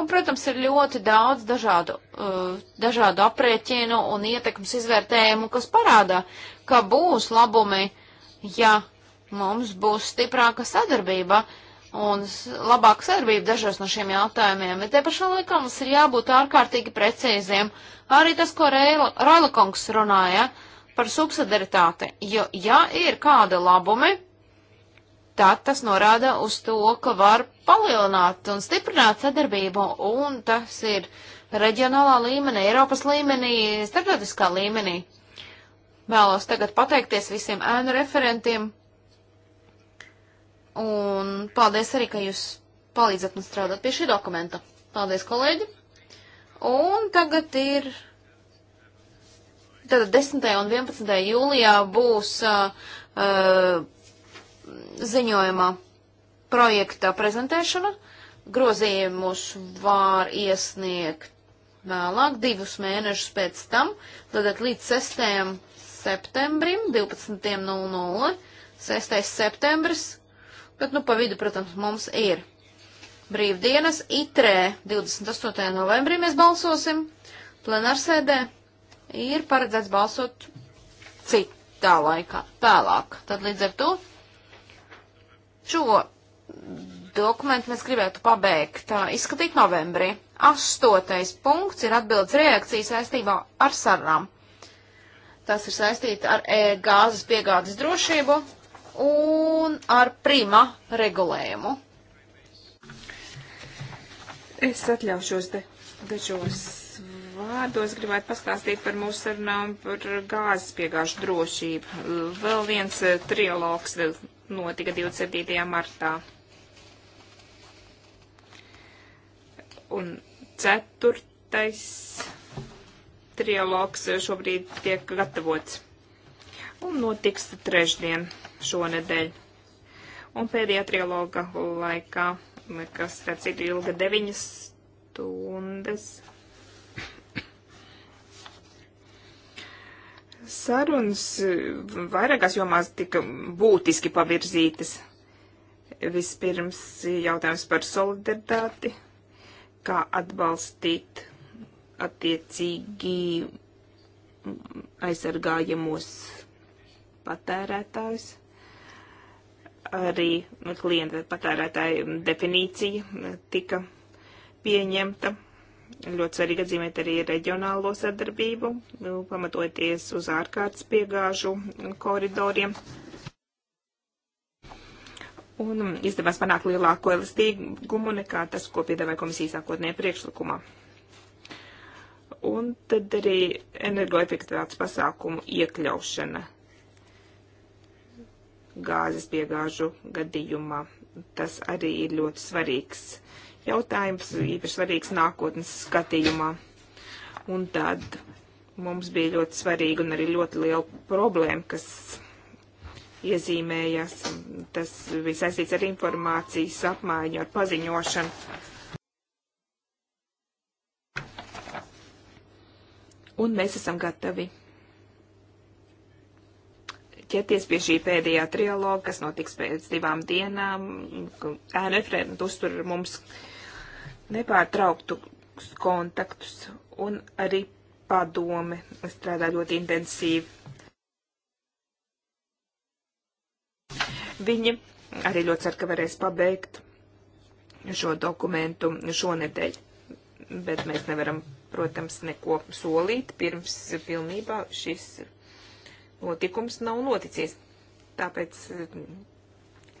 Un, protams, ir ļoti daudz dažādu, uh, dažādu aprēķinu un ietekmes izvērtējumu, kas parādā, ka būs labumi, ja mums būs stiprāka sadarbība. Uh, un labāka sadarbība dažos no šiem jautājumiem, bet te pašā laikā mums ir jābūt ārkārtīgi precīziem. Arī tas, ko Raila kungs runāja par subsidaritāti, jo ja ir kāda labumi, tad tas norāda uz to, ka var palielināt un stiprināt sadarbību, un tas ir reģionālā līmenī, Eiropas līmenī, starptautiskā līmenī. Vēlos tagad pateikties visiem ēnu referentiem Un paldies arī, ka jūs palīdzat man strādāt pie šī dokumenta. Paldies, kolēģi! Un tagad ir. Tātad 10. un 11. jūlijā būs uh, uh, ziņojuma projekta prezentēšana. Grozījumus var iesniegt vēlāk, divus mēnešus pēc tam, tātad līdz 6. septembrim, 12.00. 6. septembris bet, nu, pa vidu, protams, mums ir brīvdienas itrē 28. novembrī mēs balsosim, plenārsēdē ir paredzēts balsot citā laikā, tālāk. Tad līdz ar to šo dokumentu mēs gribētu pabeigt, izskatīt novembrī. Astotais punkts ir atbildes reakcija saistībā ar sarām. Tas ir saistīta ar e gāzes piegādes drošību un ar prima regulējumu. Es atļaušos te dažos vārdos gribētu pastāstīt par mūsu sarunām par gāzes piegāžu drošību. Vēl viens eh, trialogs eh, notika 27. martā. Un ceturtais trialogs eh, šobrīd tiek gatavots. Un notiks trešdien šonedēļ. Un pēdējā trialoga laikā, kas tad cik ilga, deviņas stundas. Sarunas vairākās jomās tika būtiski pavirzītas. Vispirms jautājums par solidaritāti, kā atbalstīt attiecīgi aizsargājamos patērētājus arī klienta patērētāja definīcija eh, tika pieņemta. Ļoti svarīgi atzīmēt arī reģionālo sadarbību, nu, pamatoties uz ārkārtas piegāžu koridoriem. Un izdevās panākt lielāko elastīgumu nekā tas, ko piedāvāja komisija sākotnē priekšlikumā. Un tad arī energoefektivitātes pasākumu iekļaušana gāzes piegāžu gadījumā. Tas arī ir ļoti svarīgs jautājums, īpaši svarīgs nākotnes skatījumā. Un tad mums bija ļoti svarīga un arī ļoti liela problēma, kas iezīmējas. Tas bija saistīts ar informācijas apmaiņu, ar paziņošanu. Un mēs esam gatavi ķerties pie šī pēdējā trialoga, kas notiks pēc divām dienām. Ēnu referentu uztur mums nepārtrauktu kontaktus un arī padome strādā ļoti intensīvi. Viņi arī ļoti cer, ka varēs pabeigt šo dokumentu šonedēļ, bet mēs nevaram, protams, neko solīt pirms pilnībā šis notikums nav noticies. Tāpēc mm,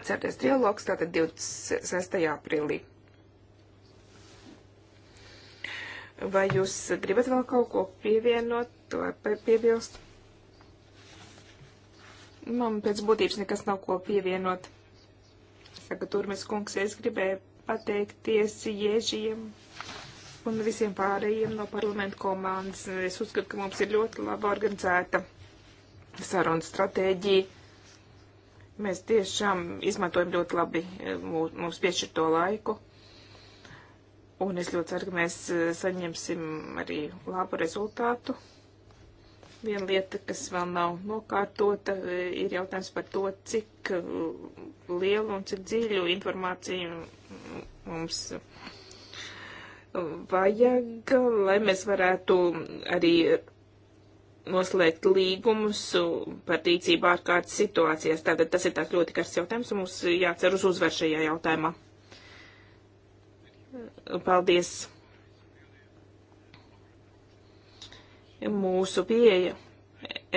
certais trialogs tātad 26. aprīlī. Vai jūs gribat vēl kaut ko pievienot vai piebilst? Man pēc būtības nekas nav ko pievienot. Saka Turmes kungs, es gribēju pateikties Jēžiem un visiem pārējiem no parlamentu komandas. Es uzskatu, ka mums ir ļoti laba organizēta sarunu stratēģiju. Mēs tiešām izmantojam ļoti labi eh, mums piešķirto laiku. Un es ļoti ceru, ka mēs eh, saņemsim arī labu rezultātu. Viena lieta, kas vēl nav nokārtota, eh, ir jautājums par to, cik lielu un cik dziļu informāciju mums vajag, lai mēs varētu arī noslēgt līgumus par rīcību ārkārtas situācijās. Tātad tas ir tāds ļoti karsts jautājums, un mums jācer uz uzvar šajā jautājumā. Paldies! Mūsu pieeja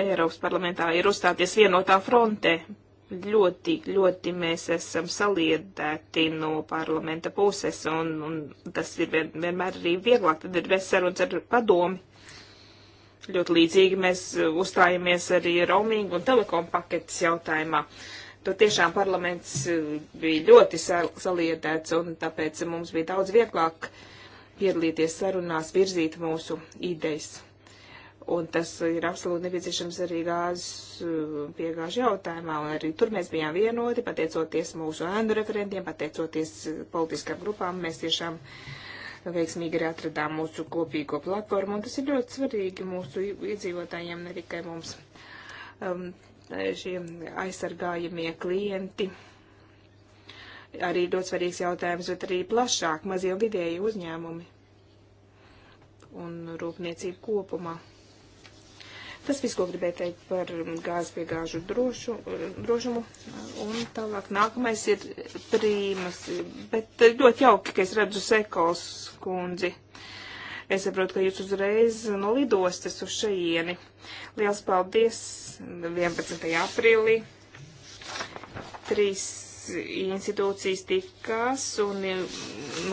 Eiropas parlamentā ir uzstāties vienotā frontē. Ļoti, ļoti mēs esam saliedēti no parlamenta puses, un, un tas ir vien, vienmēr arī vieglāk, tad ir vesaruns ar padomi Ļoti līdzīgi mēs uh, uzstājamies arī roaming un telekom paketes jautājumā. Tur tiešām parlaments uh, bija ļoti saliedēts un tāpēc mums bija daudz vieglāk piedalīties sarunās, virzīt mūsu idejas. Un tas ir absolūti nepieciešams arī gāzes uh, piegāžu jautājumā, un arī tur mēs bijām vienoti, pateicoties mūsu ēnu referentiem, pateicoties politiskām grupām, mēs tiešām uh, veiksmīgi arī atradām mūsu kopīgo platformu, un tas ir ļoti svarīgi mūsu iedzīvotājiem, ne tikai mums um, šie aizsargājamie klienti. Arī ļoti svarīgs jautājums, bet arī plašāk mazie un vidēji uzņēmumi un rūpniecība kopumā. Tas viss, ko gribēju teikt par gāzes piegāžu drošu, drošumu. Un tālāk nākamais ir prīmas. Bet ļoti jauki, ka es redzu Sekals kundzi. Es saprotu, ka jūs uzreiz no lidostas uz šeieni. Liels paldies 11. aprīlī. Trīs institūcijas tikās un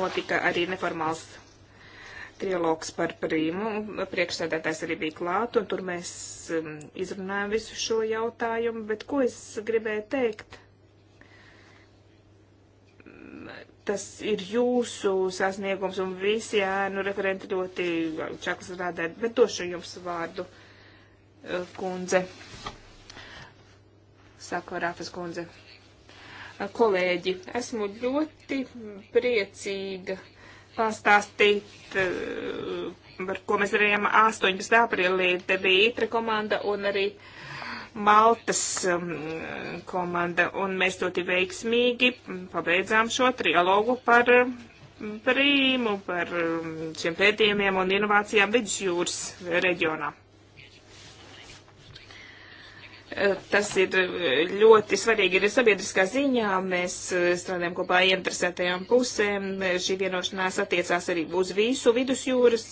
notika arī neformāls trialogs par prīmu. Priekšsēdētājs arī bija klāt, un tur mēs um, izrunājam visu šo jautājumu, bet ko es gribēju teikt? Tas ir jūsu sasniegums, un visi ēnu referenti ļoti čaklas rādē, bet došu jums vārdu, uh, kundze. Saka Rāfas kundze. Kolēģi, esmu ļoti priecīga pastāstīt, eh, par ko mēs darījām 18. aprīlī. Te bija ITRA komanda un arī Maltas mm, komanda, un mēs ļoti veiksmīgi pabeidzām šo trialogu par prīmu, mm, par mm, šiem pētījumiem un inovācijām vidusjūras reģionā. Eh, tas ir eh, ļoti svarīgi arī sabiedriskā ziņā. Mēs eh, strādājam kopā ieinteresētajām pusēm. Šī vienošanās attiecās arī uz visu vidusjūras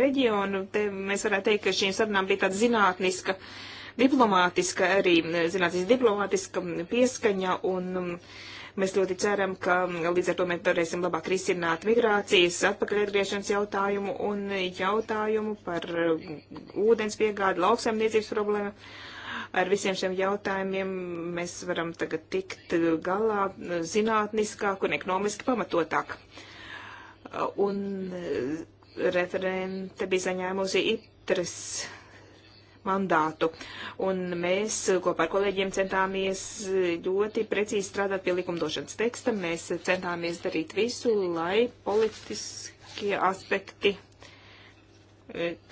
reģionu. Te mēs varētu teikt, ka šīm sarunām bija tāda zinātniska, diplomātiska, arī zinātniska diplomātiska mm, pieskaņa. Un, mm, Mēs ļoti ceram, ka mm, līdz ar to mēs varēsim labāk risināt migrācijas, atpakaļatgriešanas jautājumu un jautājumu par ūdens piegādi, lauksaimniecības problēmu Ar visiem šiem jautājumiem mēs varam tagad tikt galā zinātniskāk un ekonomiski pamatotāk. Un eh, referente bija saņēmusi itres mandātu. Un mēs kopā ar kolēģiem centāmies ļoti precīzi strādāt pie likumdošanas teksta. Mēs centāmies darīt visu, lai politiskie aspekti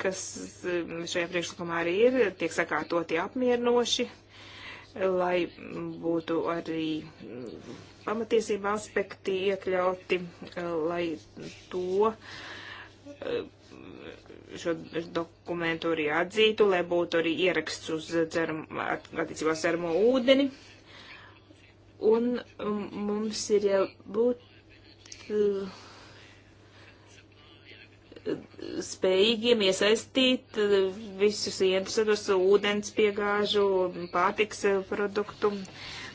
kas eh, šajā priekšlikumā arī ir, tiek sakārtoti apmierinoši, lai būtu arī mm, pamatiesība aspekti iekļauti, lai to eh, šo dokumentu arī atzītu, lai būtu arī ieraksts uz dzeram, attiecībā dzeramo ūdeni. Un mm, mums ir jābūt. Uh, spējīgiem iesaistīt eh, visus ieinteresētos ūdens piegāžu, pārtiks eh, produktu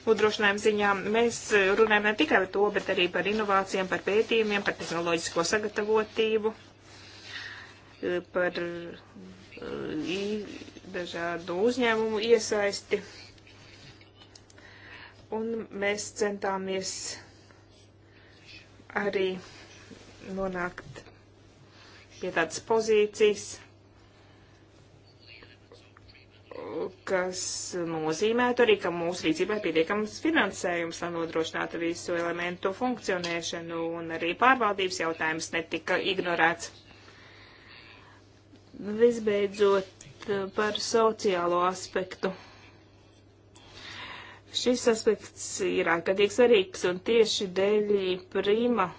nodrošinājumu ziņā. Mēs eh, runājam ne tikai par to, bet arī par inovācijām, par pētījumiem, par tehnoloģisko sagatavotību, par dažādu uzņēmumu iesaisti. Un mēs centāmies arī nonākt pie tādas pozīcijas, kas nozīmētu arī, ka mūsu rīcībā ir pietiekams finansējums, lai nodrošinātu visu elementu funkcionēšanu, un arī pārvaldības jautājums netika ignorēts. Visbeidzot, par sociālo aspektu. Šis aspekts ir ārkārtīgi svarīgs, un tieši dēļ prima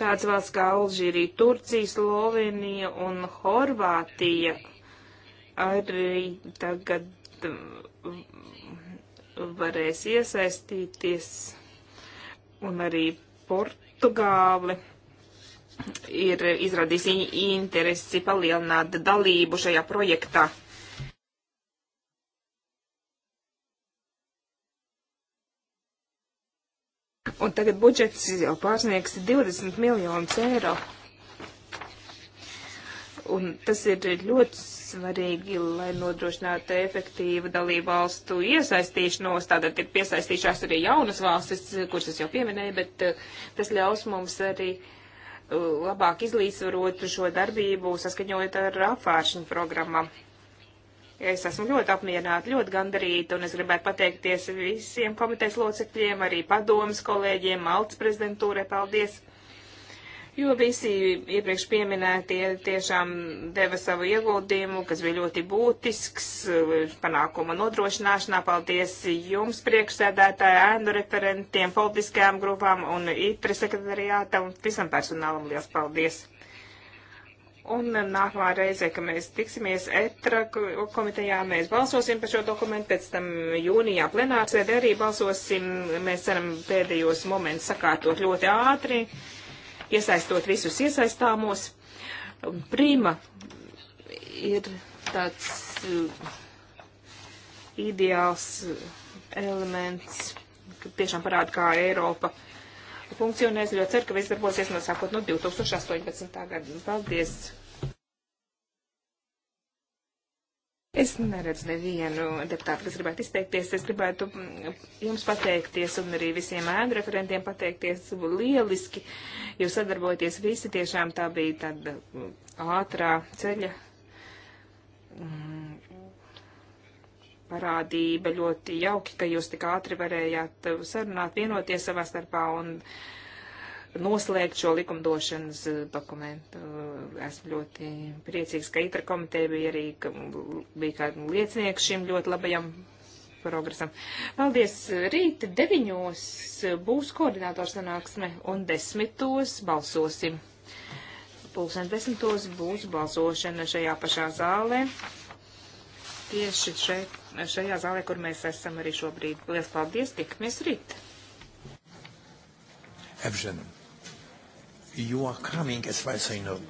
Tāds valsts kā Alžīrija, Turcija, Slovenija un Horvātija arī tagad mm, varēs iesaistīties un arī Portugāli ir izrādījis interesi palielināt dalību šajā projektā. un tagad budžets jau pārsniegs 20 miljonus eiro. Un tas ir ļoti svarīgi, lai nodrošinātu efektīvu dalību valstu iesaistīšanos. Tātad ir piesaistījušās arī jaunas valstis, kuras es jau pieminēju, bet eh, tas ļaus mums arī eh, labāk izlīdzvarot šo darbību, saskaņojot ar apvāršanu programmām. Es esmu ļoti apmierināta, ļoti gandarīta, un es gribētu pateikties visiem komitejas locekļiem, arī padomas kolēģiem, Maltas prezidentūrai, paldies! Jo visi iepriekš pieminētie tiešām deva savu ieguldījumu, kas bija ļoti būtisks panākuma nodrošināšanā. Paldies jums, priekšsēdētāji, ēnu referentiem, politiskajām grupām un itri sekretariātam un visam personālam. Liels paldies! Un nākamā reize, kad mēs tiksimies ETRA komitejā, mēs balsosim par šo dokumentu, pēc tam jūnijā plenārsēdē arī balsosim. Mēs ceram pēdējos momentus sakārtot ļoti ātri, iesaistot visus iesaistāmos. Prima ir tāds uh, ideāls uh, elements, ka tiešām parāda, kā Eiropa funkcionēs. Ļoti ceru, ka viss darbosies no sākot no 2018. gada. Paldies! Es neredzu nevienu deputātu, kas gribētu izteikties. Es gribētu mm, jums pateikties un arī visiem ēnu referentiem pateikties. Lieliski jūs sadarbojaties visi. Tiešām tā bija tāda mm, ātrā ceļa mm, parādība. Ļoti jauki, ka jūs tik ātri varējāt sarunāt, vienoties savā starpā. Un, uh, noslēgt šo likumdošanas eh, dokumentu. Eh, esmu ļoti priecīgs, ka ITRA komiteja bija arī, ka bija kāda liecinieka šim ļoti labajam progresam. Paldies! Rīt deviņos būs koordinātors sanāksme un desmitos balsosim. Pulksten desmitos būs balsošana šajā pašā zālē. Tieši šeit, šajā zālē, kur mēs esam arī šobrīd. Lielas paldies! Tikamies rīt! Evženam! you are coming, as far as I know.